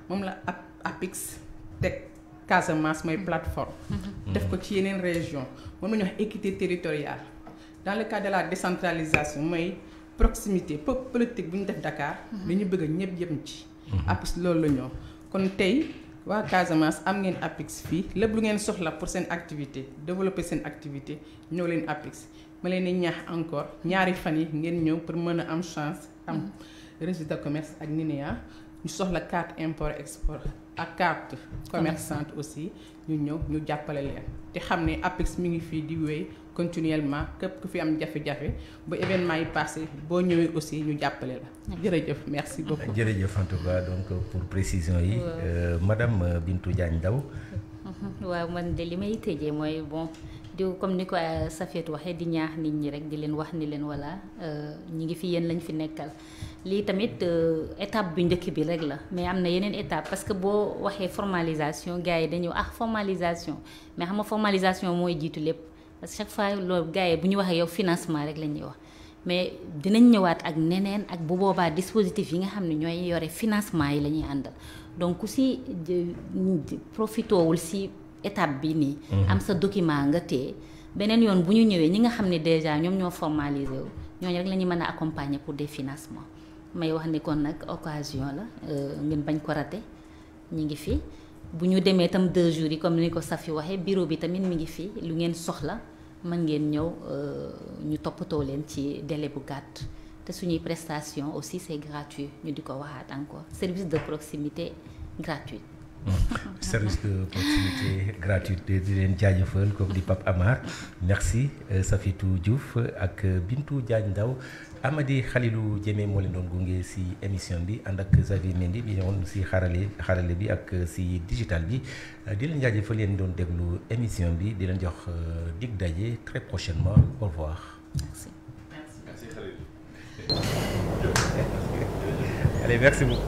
am la APIX tech Casamance une mm-hmm. plateforme. Mm-hmm. def ko ci une région qui a équité territoriale. dans le cadre de la décentralisation mm-hmm. la proximité politique Dakar. li ñu bëgg nous. ci. nous la Casamance am ngeen APIX fii lépp lu ngeen pour activité développer cette activité nous ma encore ñaari fan ngeen pour am chance am commerce commerce Nous Ninéa ñu carte import export ak carte commerçante aussi ñu ñëw ñu jàppale leen te xam ne APEX mi ngi fii di wéy continuellement képp ku fi am jafe-jafe bu événement yi passé boo ñëwee aussi ñu jàppale la jërëjëf merci beaucoup jërëjëf en tout cas donc pour précision yi euh, madame Bintou Diagne Ndao waaw man de li may tëjee mooy bon di comme ni ko euh, Safiatou waxee di ñaax nit ñi rek di leen wax ni leen wala euh ñi ngi fi yeen lañ fi nekkal li tamit euh, étape bi njëkk bi rek la mais am na yeneen étape parce que boo waxee formalisation gars yi dañu ah formalisation mais xam nga formalisation mooy jiitu lépp parce que chaque fois loolu gars yi bu ñu waxee yow financement rek lañuy wax mais dinañ ñëwaat ak neneen ak bu boobaa dispositif yi nga xam ne ñooy yore financement yi la ñuy àndal donc ku si profitowul si étape bi ni mhm. am sa document nga té benen yoon bu ñu ñëwee ñi nga xamné déjà ñom ñoo formalisé wu ñooñu rek la mëna accompagner pour des financements may wax ni kon nak occasion la euh, ngeen bañ ko raté ñi ngi fi. bu ñu tam deux jours yi comme ni ko Safi waxé bureau bi tamit mi ngi fi lu ngeen soxla man ngeen ñëw euh, ñu topato leen ci délai bu gàtt té suñuy prestation aussi c'est gratuit ñu di ko encore service de proximité gratuit service de proximité gratuite di leen jaajëfal comme di Pape Amar merci euh, Safitou Diouf ak euh, Bintou Diagne Ndaw Amadi Khalilou Diémé moo leen doon gunge si émission bi ànd ak Xavier Mendy bi ñëwoon si xarale xarale bi ak euh, si digital bi di leen jaajëfal leen doon déglu émission bi di leen jox dig très prochainement au revoir. merci. merci Khalilou. Allez, merci beaucoup.